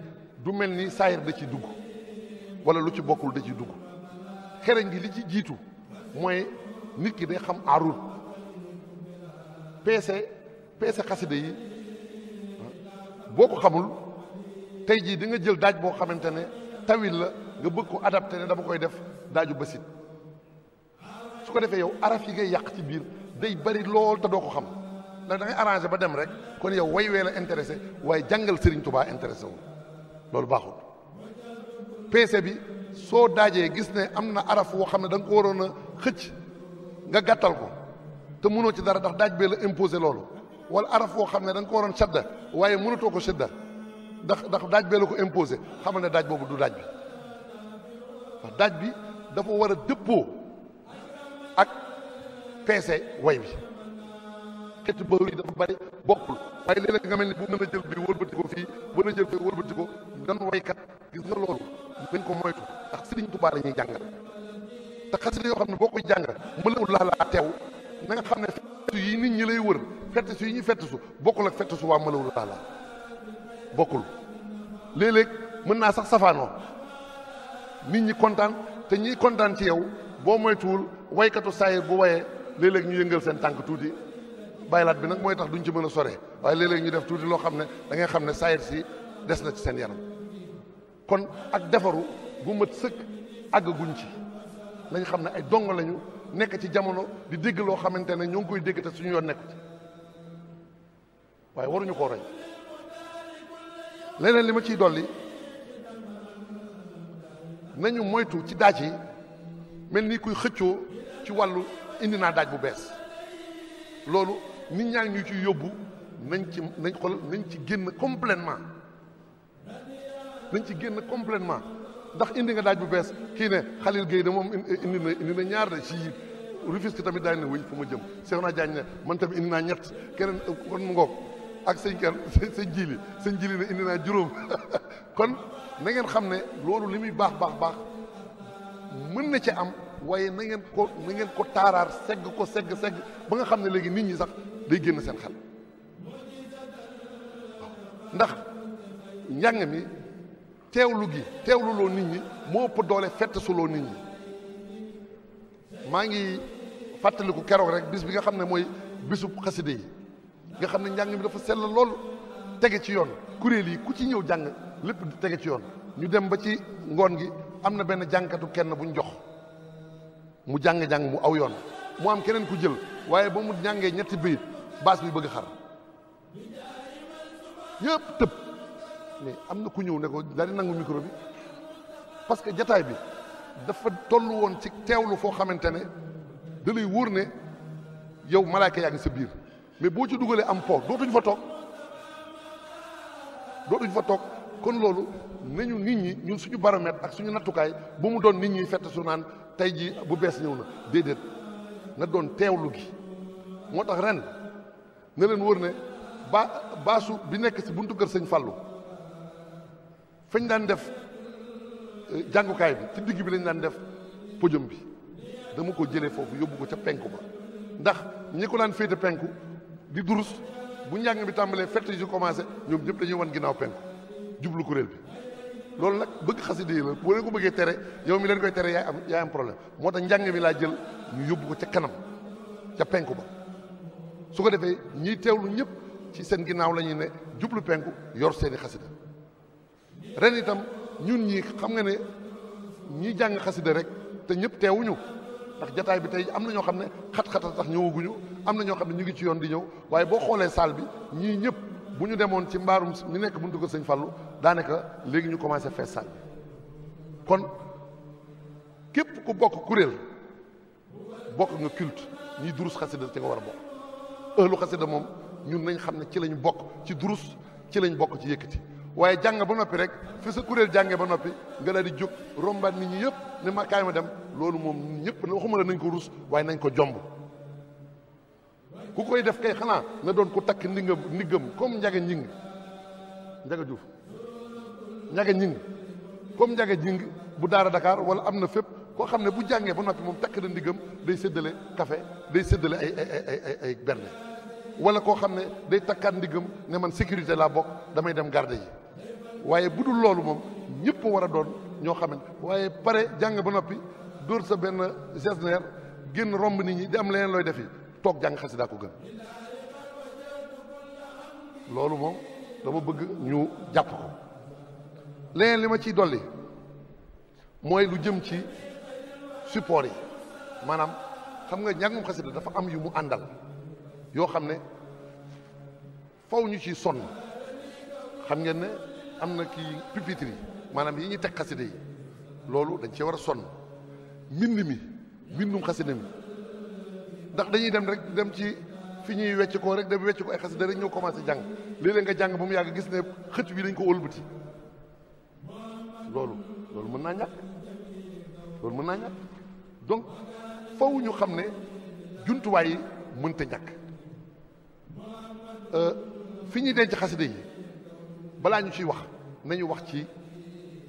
du mel ni saayir da ci dugg wala lu ci bokkul da ci dugg xereñ gi li ci jiitu mooy nit ki day xam aarul peese peese xasida yi boo ko xamul tey jii di nga jël daaj boo xamante ne tawil la nga bëgg ko adapté ne dama koy def daa ju basit su ko defee yow araf yi ngay yàq ci biir day bari lool te doo ko xam ndax da ngay arrangé ba dem rek kon yow way wee la intéressé waaye jàngal Serigne Touba intéressé wul loolu baaxul PC bi soo daajee gis ne am na araf woo xam ne da nga ko waroon a xëcc nga gàttal ko te mënoo ci dara ndax daaj bee la imposé loolu wala araf woo xam ne da nga ko waroon sadda waaye mënatoo ko sadda ndax ndax daaj bee la ko imposé xamal ne daaj boobu du daaj bi ndax daaj bi dafa war a dëppoo ak peese way bi xeeti ba yi dafa bari bokkul waaye léeg-léeg nga mel ni bu mën a jël bi wëlbati ko fii mën a jël bi wëlbati ko dan waykat gis nga loolu dañ ko moytu ndax Sëriñ Tuubaa la ñuy jàngal te xasida yoo xam ne boo koy jàng mën lawul laa teew na xam ne fettu yi nit ñi lay wër fett su yi ñu fett su bokkul ak fett su waa malawul laa laa bokkul léeg-léeg mën naa sax safaanoo nit ñi kontaan te ñiy kontaan ci yow boo moytuwul waykatu saayir bu wayee léeg-léeg ñu yëngal seen tànk tuuti baylaat bi nag mooy tax duñ ci mën a sore waaye léeg-léeg ñu def tuuti loo xam ne da ngay xam ne saayir si des na ci seen yaram kon ak defaru bu mët sëkk àggaguñ ci nañ xam ne ay dong lañu nekk ci jamono di dégg loo xamante ne ñoo ngi koy dégg te suñu yoon nekku waaye waruñu koo roy leneen li ma ciy dolli nañu moytu ci daaj yi mel ni kuy xëccoo ci wàllu indi naa daaj bu bees loolu nit ñaa ngi ci yóbbu nañ ci nañ xool nañ ci génn complètement nañ ci génn complètement ndax indi nga daaj bu bees kii ne Khalil Gueye de moom indi na indi na ñaar de si Rufisque tamit daañu ne wuy fu ma jëm Cheikh naa Diagne ne man tamit indi naa ñett keneen kon mu ngoog ak sëñ kan sëñ jili sëñ jili ne indi naa juróom [laughs] kon na ngeen xam ne loolu li muy baax baax baax mën na ci am waye na ngeen ko na ngeen ko taaraar segg ko segg segg ba nga xam ne léegi nit ñi sax day génn seen xel ndax njàng mi teewlu gi teewlu loo nit ñi moo ëpp doole fett nit ñi maa ngi fàttaliku keroog rek bis bi nga xam ne mooy bisu xaside yi nga xamne ne dafa sel lool tege ci yoon kuréel yi ku ci ñew jang lepp tege ci yoon ñu dem ba ci ngon gi amna ben jankatu kenn buñ jox mu jang jang mu aw yoon mu am keneen ku jël waye ba mu jangé ñetti bayit baas bi bëgg xar yépp tepp mais amna ku ñew ne ko daal nangu micro bi parce que jotaay bi dafa tollu won ci tewlu fo xamantene ne da ne yow malaika yaa sa biir mais boo ci dugalee am po dootuñ fa toog dootuñ fa toog kon loolu nañu nit ñi ñun suñu baromètre ak suñu nattukaay bu mu doon nit ñi fett su tey jii bu bees ñëw na déedéet na doon teewlu gi moo tax ren ne leen wër ne ba baasu bi nekk si buntu kër sëñ Fallou fañ daan def eh, jàngukaay bi ci digg bi lañ daan def podium bi dama ko jëlee foofu yóbbuko ca penku ndax ñi ko daan féete penku di durus bu njàng bi tàmbalee fett yi commencé ñoom ñëpp dañuy wan ginnaaw penk jublu kuréel bi loolu nag bëgg xasida yi la ko bëggee tere yow mi leen koy tere yaay am yaay am problème moo tax njàng mi laa jël ñu yóbbu ko ca kanam ca penku ba su ko defee ñiy teewlu ñëpp ci seen ginnaaw la ñuy ne jublu penku yor seeni xasida ren itam ñun ñii xam nga ne ñi jàng xasida rek te ñëpp teewuñu ndax jataay bi tey am na ñoo xam ne xat-xat a tax ñëwaguñu am na ñoo xam ne ñu ngi ci yoon di ñëw waaye boo xoolee salle bi ñii ñëpp bu ñu demoon ci mbaarum ñu nekk mun buntu ko sëñ Fallou daanaka léegi ñu commencé fees salle bi kon képp ku bokk kuréel bokk nga culte ñi durus xasida ci nga war a bokk ëllu xasida moom ñun nañ xam ne ci lañ bokk ci durus ci lañ bokk ci yëkkati waaye jàng ba noppi rek fi sa kuréel jàngee ba noppi nga la di jóg rombaat nit ñi yëpp ne ma kaay ma dem loolu moom ñëpp waxuma la nañ ko rus waaye nañ ko jomb ku koy def kay xanaa na doon ko takk ndigam ndigam comme njaga njing njaga juuf njaga njing comme njaga njing bu daara Dakar wala am na fépp koo xam ne bu jàngee ba noppi moom takk na day séddale café day séddale ay ay ay berne wala koo xam ne day takkaat ndigam ne man sécurité laa bokk damay dem garde yi waaye bu dul loolu moom ñëpp war a doon ñoo xamante waaye pare jàng ba noppi dóor sa benn gestionnaire génn romb nit ñi di am leneen looy defi toog jàng xasida ko gën loolu moom dama bëgg ñu jàpp ko li ma ciy dolli mooy lu jëm ci support yi maanaam xam nga njàngum xasida dafa am yu mu àndal yoo xam ne faw ñu ci sonn xam ngeen ne am na kii pupitre yi maanaam yi ñuy teg xasida loolu dañ cee war a sonn mbind mi mbindum xasida mi ndax dañuy dem rek dem ci fi ñuy wecc koo rek dem wecc ko ay xasida rek ñoo commencé jàng léeg-léeg nga jàng ba mu yàgg gis ne xët wi dañ ko wëlbati loolu loolu mën naa ñàkk loolu mën naa ñàkk donc faw ñu xam ne juntuwaay yi mënta ñàkk euh, fi ñuy denc xasida yi balaa ñu ciy wax nañu wax ci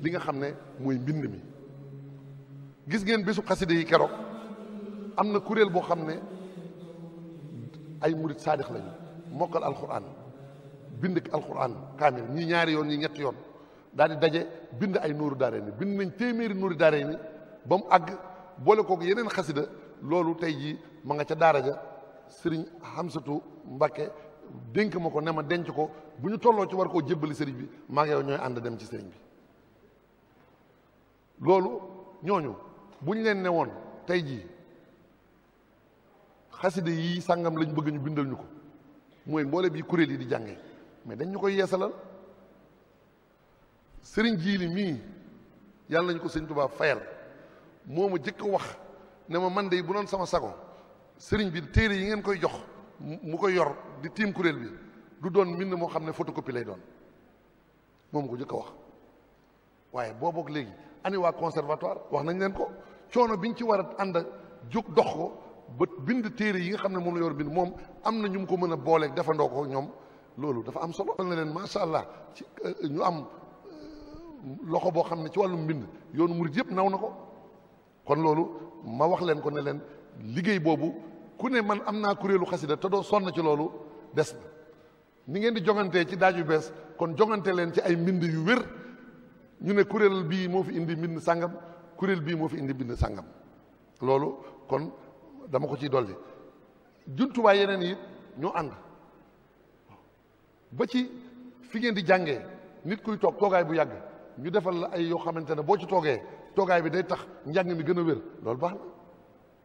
li nga xam ne mooy mbind mi gis ngeen bésu xaside yi keroog am na kuréel boo xam ne ay murit saadix lañu mokkal alquran bind alquran kaamil ñi ñaari yoon ñi ñetti yoon daal di daje bind ay nooru daaree ni bind nañ téeméeri nooru daaree ni ba mu àgg boole kook yeneen xasida loolu tey jii ma nga ca daara ja sëriñ Hamsatu Mbakke dénk ma ko ne ma denc ko bu ñu tolloo ci war koo jébbali sëriñ bi maa ngi yow ñooy ànd dem ci sëriñ bi loolu ñooñu bu ñu leen ne woon tey jii xaside yi sàngam lañ bëgg ñu bindal ñu ko mooy mboole bi kuréel yi di jànge mais dañ ñu koy yeesalal sëriñ jiili mii yàlla nañu ko sëriñ Tuubaa fayal moo ma jëkk wax ne ma man de bu doon sama sago sëriñ bi téere yi ngeen koy jox mu ko yor di tiim kuréel bi du doon mbind moo xam ne photocopie lay doon moom ko njëkk a wax waaye boobook léegi ani waa conservatoire wax nañ leen ko coono biñ ci war a ànd ak jóg dox ko ba bind téere yi nga xam ne moom la yor bind moom am na ñu mu ko mën a booleeg defandoo ko ñoom loolu dafa am solo. na leen macha allah ci euh, ñu am euh, loxo boo xam ne ci wàllum mbind yoonu murid yëpp naw na ko kon loolu ma wax leen ko ne leen liggéey boobu. ku ne man am naa kuréelu xasida te doo sonn ci loolu des na ni ngeen di jongantee ci daaj yu bees kon jongante leen ci ay mbind yu wér ñu ne kuréel bii moo fi indi mbind sàngam kuréel bii moo fi indi mbind sangam loolu kon dama ko ciy dolli jumtuwaay yeneen yi ñoo ànd ba ci fi ngeen di jàngee nit kuy toog toogaay bu yàgg ñu defal la ay yoo xamante ne boo ci toogee toogaay bi day tax njàng mi gën a wér loolu ba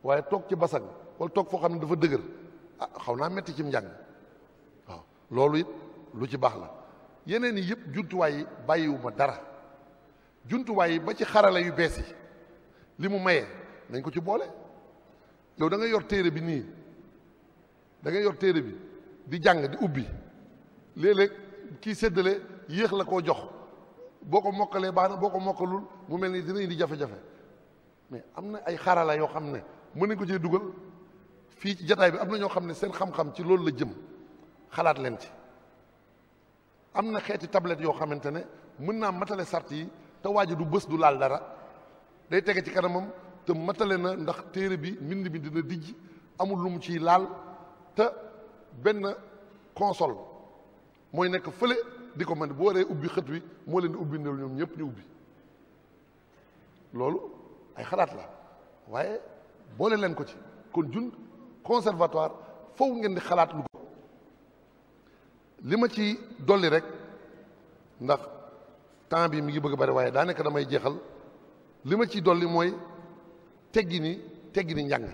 waaye toog ci basang wala tok fo xamne dafa deugal ah, xawna metti ci njàng waaw loolu it lu ci bax la yeneen yi yëpp jumtuwaay yi bàyyiwuma dara juntu way ba ci xarala yu bessi limu maye nañ ko ci boole yow da nga yor téré bi ni da nga yor téré bi di jang di ubbi ki yeex la ko jox boko mokalé baana boko mokalul mu melni dinañ di jafé jafé mais amna ay xarala yo xamné ko ci duggal fii ci jataay bi am na ñoo xam ne seen xam-xam ci loolu la jëm xalaat leen ci am na xeeti tablette yoo xamante ne mën naa matale sart yi te waa ji du bës du laal dara day tege ci kanamam te matale na ndax téere bi mbind bi dina dijj amul lu mu ciy laal te benn console mooy nekk fële di ko man boo waree ubbi xët wi moo leen di ubbi ndel ñoom ñëpp ñu ubbi loolu ay xalaat la waaye boole leen ko ci kon jun conservatoire foofu ngeen di xalaat lu ko li ma ci dolli rek ndax temps bi mi ngi bëgg a bari waaye daanaka damay jeexal li ma ci dolli mooy teggi ni teggi ni njàng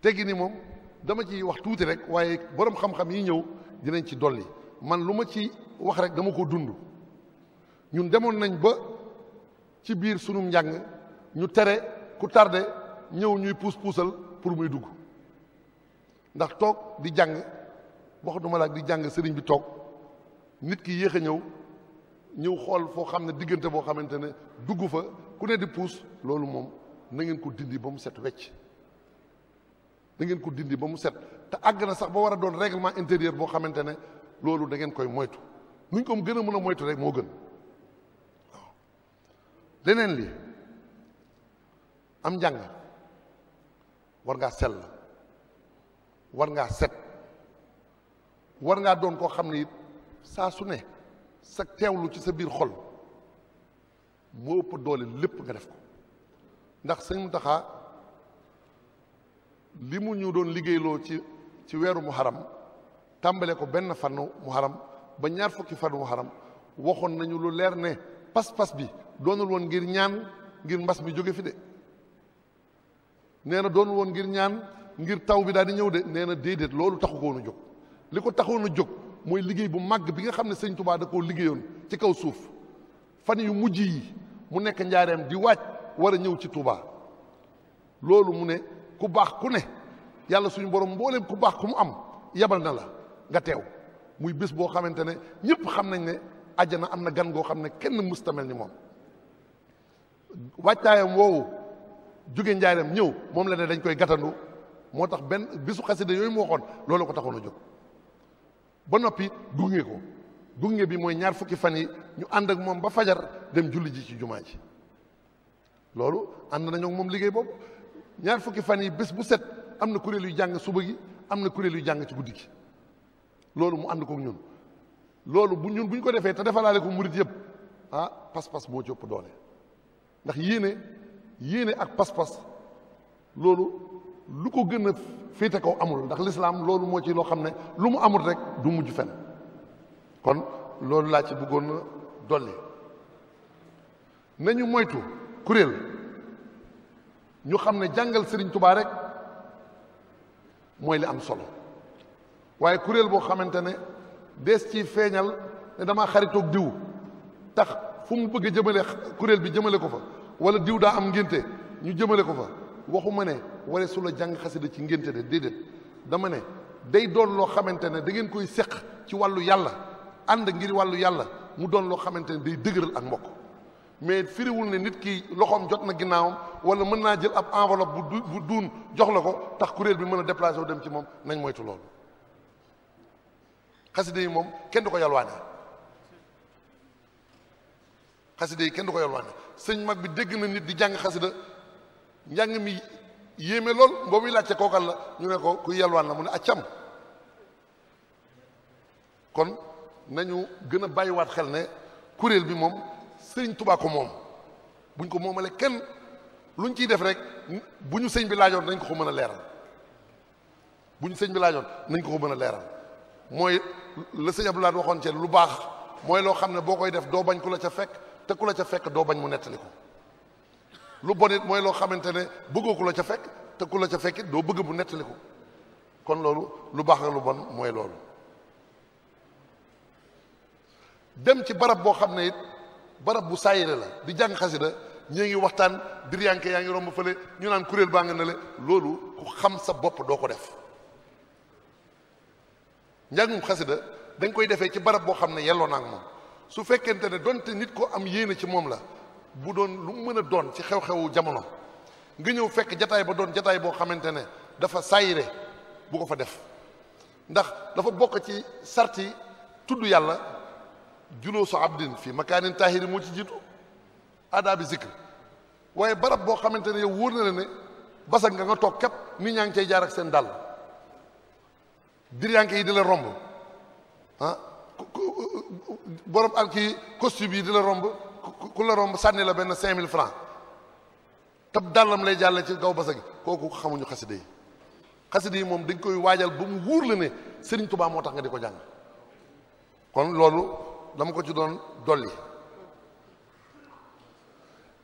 teggi ni moom dama ci wax tuuti rek waaye borom xam-xam yi ñëw dinañ ci dolli man lu ma ci wax rek dama ko dund ñun demoon nañ ba ci biir sunum njàng ñu tere ku tarde ñëw ñuy puus puusal pour muy dugg ndax toog di jàng wax duma laak di jàng sëriñ bi toog nit ki yéex a ñëw ñëw xool foo xam ne diggante boo xamante ne dugg fa ku ne di puus loolu moom na ngeen ko dindi ba mu set wecc na ko dindi ba mu set te àgg na sax ba war a doon règlement intérieur boo xamante ne loolu da ngeen koy moytu nuñ ko gën a mën a moytu rek moo gën waaw leneen li am njàng war ngaa sell war ngaa set war ngaa doon koo xam ne it saa su ne sa teewlu ci sa biir xol moo ëpp doole lépp nga def ko ndax sëñ taxa li mu ñu doon liggéeyloo ci ci weeru muharam tàmbale ko benn fanu muharam ba ñaar fukki fanu muharam waxoon nañu lu leer ne pas-pas bi doonul woon ngir ñaan ngir mbas mi jóge fi de nee na doon woon ngir ñaan ngir taw bi daal di ñëw de nee na déedéet loolu taxu koon a jóg li ko taxoon a jóg mooy liggéey bu màgg bi nga xam ne sëñ Tuubaa da koo liggéeyoon ci kaw suuf fan yu mujj yi mu nekk njaareem di waaj war a ñëw ci Tuubaa loolu mu ne ku baax ku ne yàlla suñu borom mbooleem ku baax ku mu am yabal na la nga teew muy bés boo xamante ne ñëpp xam nañ ne àjjana am na gan goo xam ne kenn mësta ni moom wàccaayam woowu jóge njaareem ñëw moom leneen ne dañ koy gàttandu moo tax benn bisu xasida yooyu mu waxoon loolu ko taxoon a ba noppi gunge ko gunge bi mooy ñaar fukki fan yi ñu ànd ak moom ba fajar dem julli ji ci jumaa ji loolu ànd nañoo moom liggéey boobu ñaar fukki fan yi bés bu set am na kuréel yu jàng suba gi am na kuréel yu jàng ci guddi loolu mu ànd ko ñun loolu bu ñun bu ko defee te defalaale ko murit yëpp ah pas-pas moo ci ëpp doole ndax yéene yéene ak pas-pas loolu lu ko gën fiite ko amul ndax lislaam loolu moo ci loo xam ne lu mu amul rek du mujj fen kon loolu laa ci bëggoon na dolli nañu moytu kuréel ñu xam ne jàngal Sëriñ Tubaa rek mooy li am solo waaye kuréel boo xamante ne dees ci feeñal ne damaa xaritoog diw tax fu mu bëgg jëmale kuréel bi jëmale ko fa wala diw daa am ngénte ñu jëmale ko fa waxuma ne ware su la jàng xasida ci ngénte de déedéet dama ne day doon loo xamante ne da ngeen koy seq ci wàllu yàlla ànd ngir wàllu yàlla mu doon loo xamante ne day dëgëral ak mbokk mais firiwul ne nit ki loxoom jot na ginnaawam wala mën naa jël ab enveloppe bu bu duun jox la ko tax kuréel bi mën a déplacé wu dem ci moom nañ moytu loolu xaside yi moom kenn du ko yalwaane xaside yi kenn du ko yalwaane sëñ mag bi dégg na nit di jàng xasida njàng mi yéeme lool boo muy laajte kookal la ñu ne ko ku yelwaan la mu ne accam kon nañu gën a bàyyiwaat xel ne kuréel bi moom sëriñ Tuubaa ko moom buñ ko moomale kenn luñ ciy def rek bu ñu sëñ bi laajoon nañ ko ko mën a leeral bu sëñ bi laajoon nañ ko ko mën a leeral mooy la sëñ Abdoulaye waxoon ci lu baax mooy loo xam ne boo koy def doo bañ ku la ca fekk te ku la ca fekk doo bañ mu nettali ko lu bon it mooy loo xamante ne bëggoo ku la ca fekk te ku la ca fekk it doo bëgg mu nettali kon loolu lu baax nga lu bon mooy loolu dem ci barab boo xam ne it barab bu saayire la di jàng xasida ñii ngi waxtaan diriyànke yaa ngi romb fële ñu naan kuréel baa nga ne le loolu ku xam sa bopp doo ko def njàngum xasida dañ koy defee ci barab boo xam ne yelloo naa ak moom su fekkente ne donte nit ko am yéene ci moom la bu doon lu mën a doon ci xew-xewu jamono nga ñëw fekk jataay ba doon jataay boo xamante ne dafa saayire bu ko fa def ndax dafa bokk ci sarti tudd yàlla juloo su abdin fii makaanin taahiri moo ci jiitu aadaabi zikr waaye barab boo xamante ne yow wóor na la ne basak nga nga toog képp nit ñaa ngi cay jaar ak seen dàll diriyànke yi di la romb ah, borom ak kii costume yi di la romb ku la romb sànni la benn cinq mille francs tab dàllam lay jàll ci gaw basa gi kooku xamuñu xasida yi xasida yi moom dañ koy waajal ba mu wóor la ne Sëriñ Tuubaa moo tax nga di ko jàng kon loolu dama ko ci doon dolli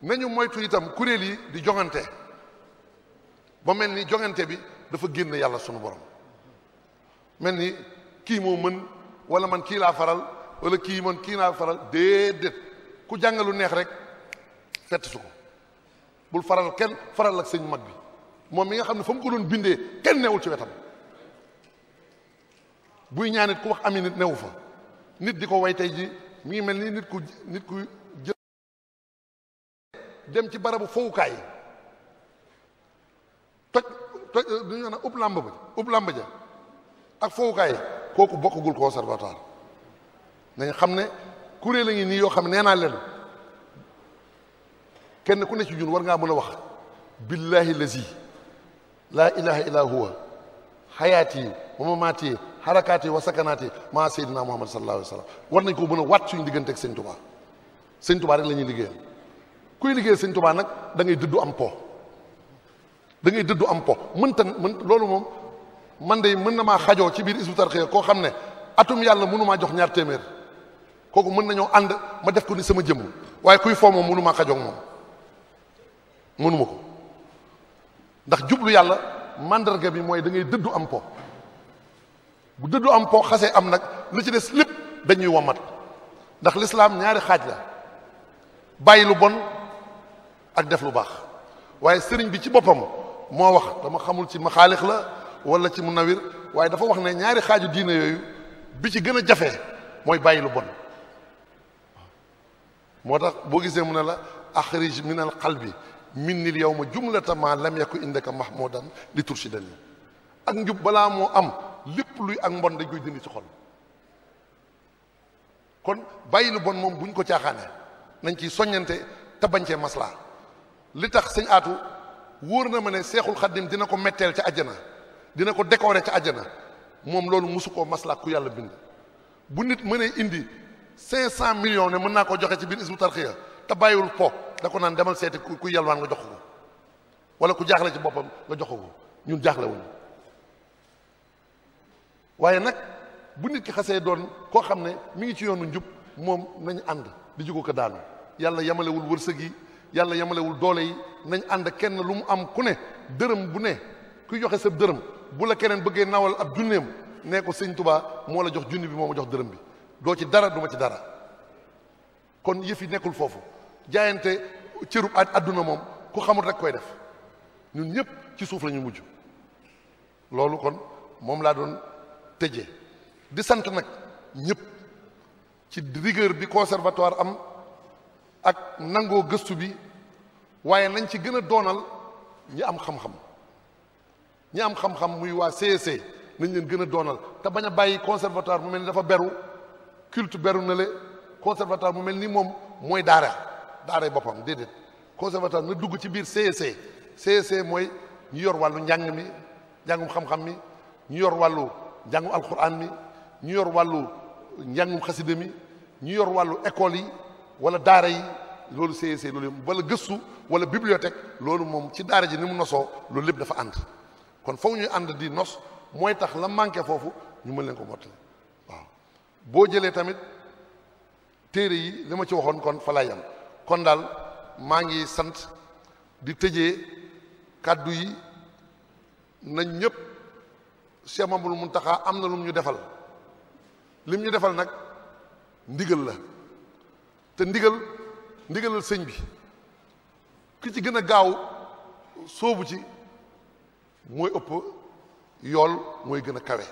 nañu moytu itam kuréel yi di jongante ba mel ni jongante bi dafa génn yàlla sunu borom mel ni kii moo mën wala man kii laa faral wala kii man kii laa faral déedéet ku jàngalu neex rek fett ko bul faral kenn faral ak sëñ mag bi moom mi nga xam ne fa mu ko doon bindee kenn newul ci wetam buy ñaanit ku wax ami nit newu fa nit di ko way tey ji mi ngi mel ni nit ku nit ku jël dem ci barabu fowukaay yi toj toj duñu naan ub làmb ba ub làmb ja ak fowukaay kooku bokkagul conservatoire nañ xam ne kuréel la ngi nii yoo xam ne nee naa leen kenn ku nekk ci war ngaa mën a wax billahi lazi laa ilaha illa huwa yi wa mamaati xarakaati wa sakanaati maa seydina muhammad ma alayhi wa sallam war nañ koo mën a waat suñu diggante ak sëñ tubaa sëñ tubaa rek la ñuy liggéeyal kuy liggéey sëñ tubaa nag dangay ngay dëddu am po da dëddu am po mënta mën loolu moom man de mën na maa xajoo ci biir Hizbut Tarqiyyah koo xam ne atum yàlla mënu jox ñaar téeméer kooku mën nañoo ànd ma def ko ni sama jëmm waaye kuy foo moom mënu maa xajoo moom mënu ma ko ndax jublu yàlla màndarga bi mooy da ngay dëddu am po bu dëddu am po xasee am nag lu ci des lépp dañuy womat ndax lislaam ñaari xaaj la bàyyi lu bon ak def lu baax waaye sëriñ bi ci boppam moo wax dama xamul ci ma maxaalix la wala ci munawir waaye dafa wax ne ñaari xaaju diine yooyu bi ci gën a jafe mooy bàyyi lu bon moo tax boo gisee mu ne la axrij min al qalbi min nil yow ma jumlata ma lam yaku indaka mahmudan li turshidani ak njub balaa moo am lépp luy ak mbon dañ koy dindi ci xol kon bàyyi lu bon moom buñ ko caaxaane nañ ciy soññante te bañ cee maslaa li tax sëñ aatu wóor na ma ne seexul xaddim dina ko metteel ca àjjana dina ko décorer ca àjjana moom loolu mosu koo maslaa ku yàlla bind bu nit mënee indi cinq cent millions ne mën naa ko joxe ci biir isbu tarxiya te bàyyiwul po da ko naan demal seeti ku ku yalwaan nga jox ko wala ku jaaxle ci boppam nga jox ko ñun jaaxle wuñu waaye nag bu nit ki xasee doon koo xam ne mi ngi ci yoonu njub moom nañu ànd di jugu ko daanu yàlla yamalewul wërsëg yi yàlla yamalewul doole yi nañ ànd kenn lu mu am ku ne dërëm bu ne kuy joxe sa dërëm bu la keneen bëggee nawal ab junneem nee ko sëñ tubaa moo la jox junni bi moo ma jox dërëm bi doo ci dara du ci dara kon yëf nekkul foofu jaayante cërub àdduna moom ku xamul rek koy def ñun ñëpp ci suuf lañu ñu mujj loolu kon moom laa doon tëjee di sant nag ñëpp ci rigueur bi conservatoire am ak nangoo gëstu bi waaye nañ ci gën a doonal ñi am xam-xam ñi am xam-xam muy waa CEC nañ leen gën a doonal te bañ a bàyyi conservatoire mu mel ni dafa beru culte beru na le conservatoire mu mel ni moom mooy daara daara boppam déedéet conservatoire na dugg ci biir CEC CEC mooy ñu yor wàllu njàng mi njàngum xam-xam mi ñu yor wàllu njàngum alquran mi ñu yor wàllu njàngum xasida mi ñu yor wàllu école yi wala daara yi loolu CEC loolu wala gëstu wala bibliothèque loolu moom ci daara ji ni mu nosoo loolu lépp dafa ànd kon foog ñuy ànd di nos mooy tax la manqué foofu ñu ma leen ko mottali waaw boo jëlee tamit téere yi li ma ci waxoon kon fa yam kon daal maa ngi sant di tëjee kàddu yi nañ ñépp ñëpp Cheikh Mamadou Mountakha am na lum ñu defal lim ñu defal nag ndigal la te ndigal ndigalal sëñ bi ki ci gën a gaaw sóobu ci mooy ëpp yool mooy gën a kawe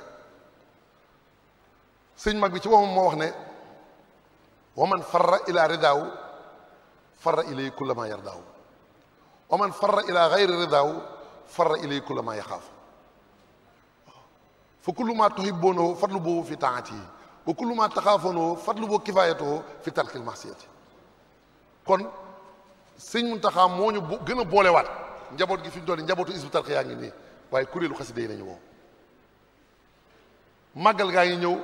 sëñ mag bi ci waxam moo wax ne waman farra ila ridaaw farra ilay kulla ma yardaaw waman farra ila gayri ridaaw farra ilay kulla ma yaxaafu fa kullu ma tuhibboonoo fadlu boobu fi taati yi wa kullu ma taxaafoonoo fadlu boobu fi tarkil masiyati kon sëñ Muntaxa moo ñu gën a boolewaat njaboot gi fi ñu doon njabootu isbu tarxiyaa ngi nii waaye kuréelu xasida yi lañu woo màggal gaa ngi ñëw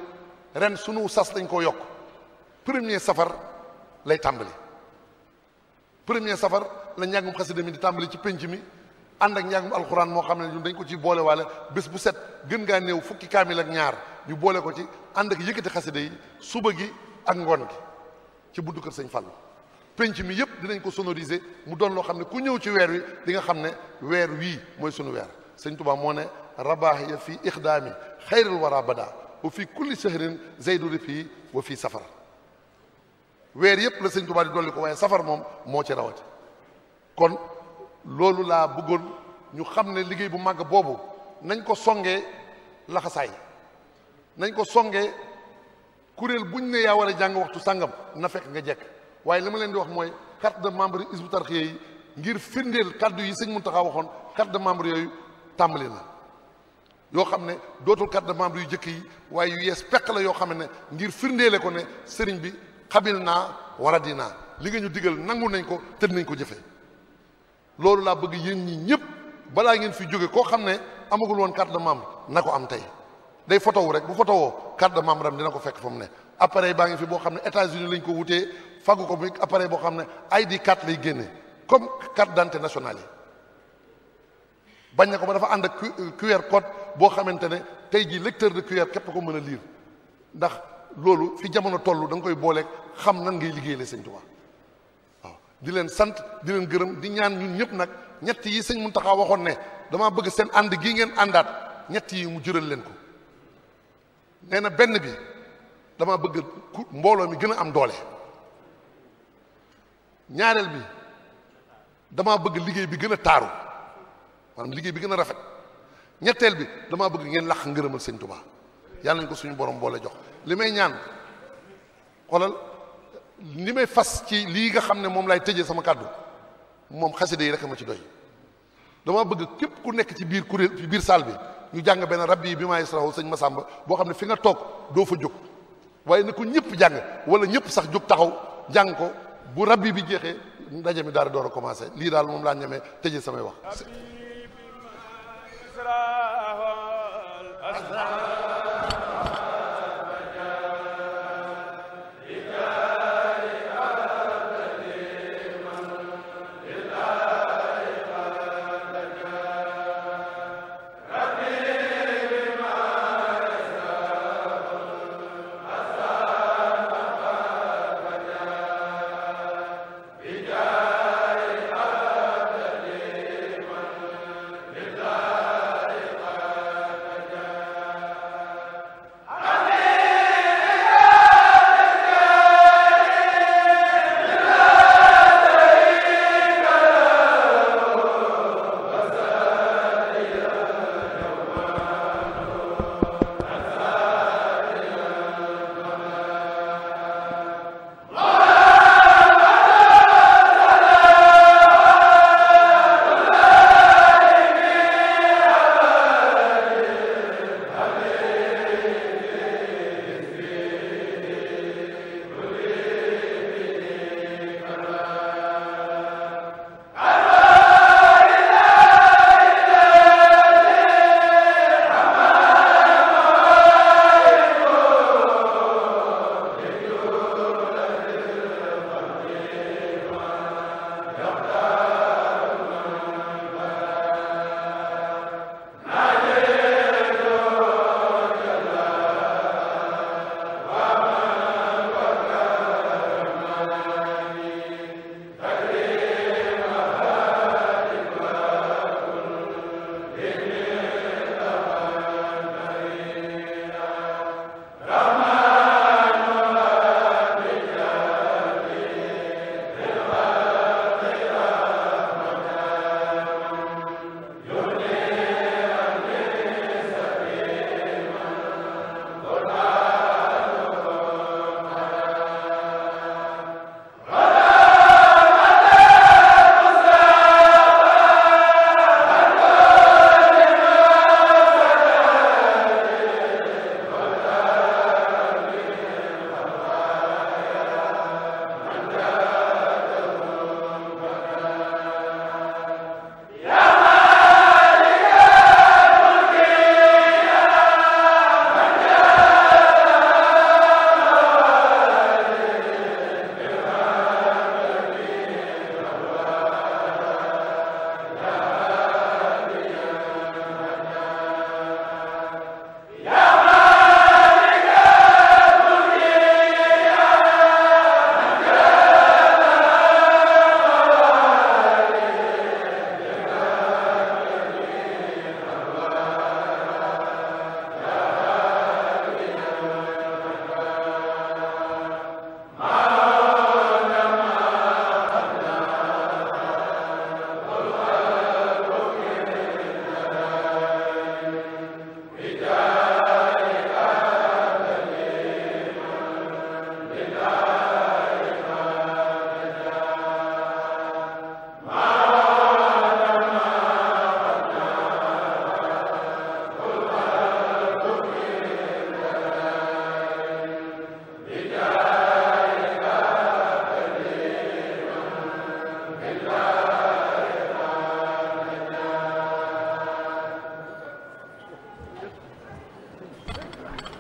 ren sunu sas dañ koo yokk premier safar lay tàmbali premier safar la njàngum xasida mi di tàmbali ci pénc mi ànd ak njàngum alxuraan moo xam ne ñun dañ ko ci boole waale bés bu set gën gaa néew fukki kaamil ak ñaar ñu boole ko ci ànd ak yëkkati xasida yi suba gi ak ngoon gi ci buntu kër sëñ Fall pénc mi yëpp dinañ ko sonoriser mu doon loo xam ne ku ñëw ci weer wi di nga xam ne weer wii mooy sunu weer sëñ Tuubaa moo هي في fii ixdaami xayril wara bada wa fii kulli sahrin zaydu rifi wa fii safar weer yëpp la sëñ Tuubaa di dolli ko waaye safar moom moo kon loolu laa bëggoon ñu xam ne liggéey bu màgg boobu nañ ko songee laxasaay nañ ko songee kuréel buñ ne yaa war a jàng waxtu sàngam na fekk nga jekk waaye li ma di wax mooy carte de membre Hizbut Tarqiyyah ngir firndeel kàddu yi sëñ Muntaxa waxoon carte de membre yooyu tàmbali na yoo xam ne dootul carte de membre yu jëkk yi waaye yu yees peq la yoo xam ne ngir firndeele ko ne sëriñ bi xabil naa war a naa li nga ñu digal nangu nañ ko te nañ ko jëfe loolu laa bëgg yéen ñi ñëpp balaa ngeen fi jóge koo xam ne amagul woon carte de membre na ko am tey day fotowu rek bu fotowoo carte de membre am dina ko fekk fa mu ne appareil baa ngi fi boo xam ne États-Unis lañ ko wutee faggu ko muy appareil boo xam ne ID carte lay génne comme carte d'identité nationale yi bañ na ko ba dafa ànd ak QR code boo xamante ne tey jii lecteur de QR képp ko mën a lire ndax loolu fi jamono toll da nga koy booleek xam nan ngay liggéeyale sëñ Tuubaa waaw di leen sant di leen gërëm di ñaan ñun ñëpp nag ñetti yi sëñ Muntaxa waxoon ne dama bëgg seen ànd gii ngeen àndaat ñetti yi mu jural leen ko nee na benn bi dama bëgg mbooloo mi gën a am doole ñaareel bi dama bëgg liggéey bi gën a taaru maanaam liggéey bi gën a rafet ñetteel bi damaa bëgg ngeen làq ngërëmal sëñ Tuubaa yàlla nañ ko suñu borom boole jox li may ñaan xoolal li may fas ci lii nga xam ne moom laay tëje sama kàddu moom xasida yi rek ma ci doy dama bëgg képp ku nekk ci biir kuréel ci biir salle bi ñu jàng benn rabbi yi bi maa yasrahu sëñ Masamba boo xam ne fi nga toog doo fa jóg waaye na ñëpp jàng wala ñëpp sax jóg taxaw jàng ko bu rabbi bi jeexee ndaje mi daal di commencé lii daal moom laa ñemee tëjee samay wax الأسرار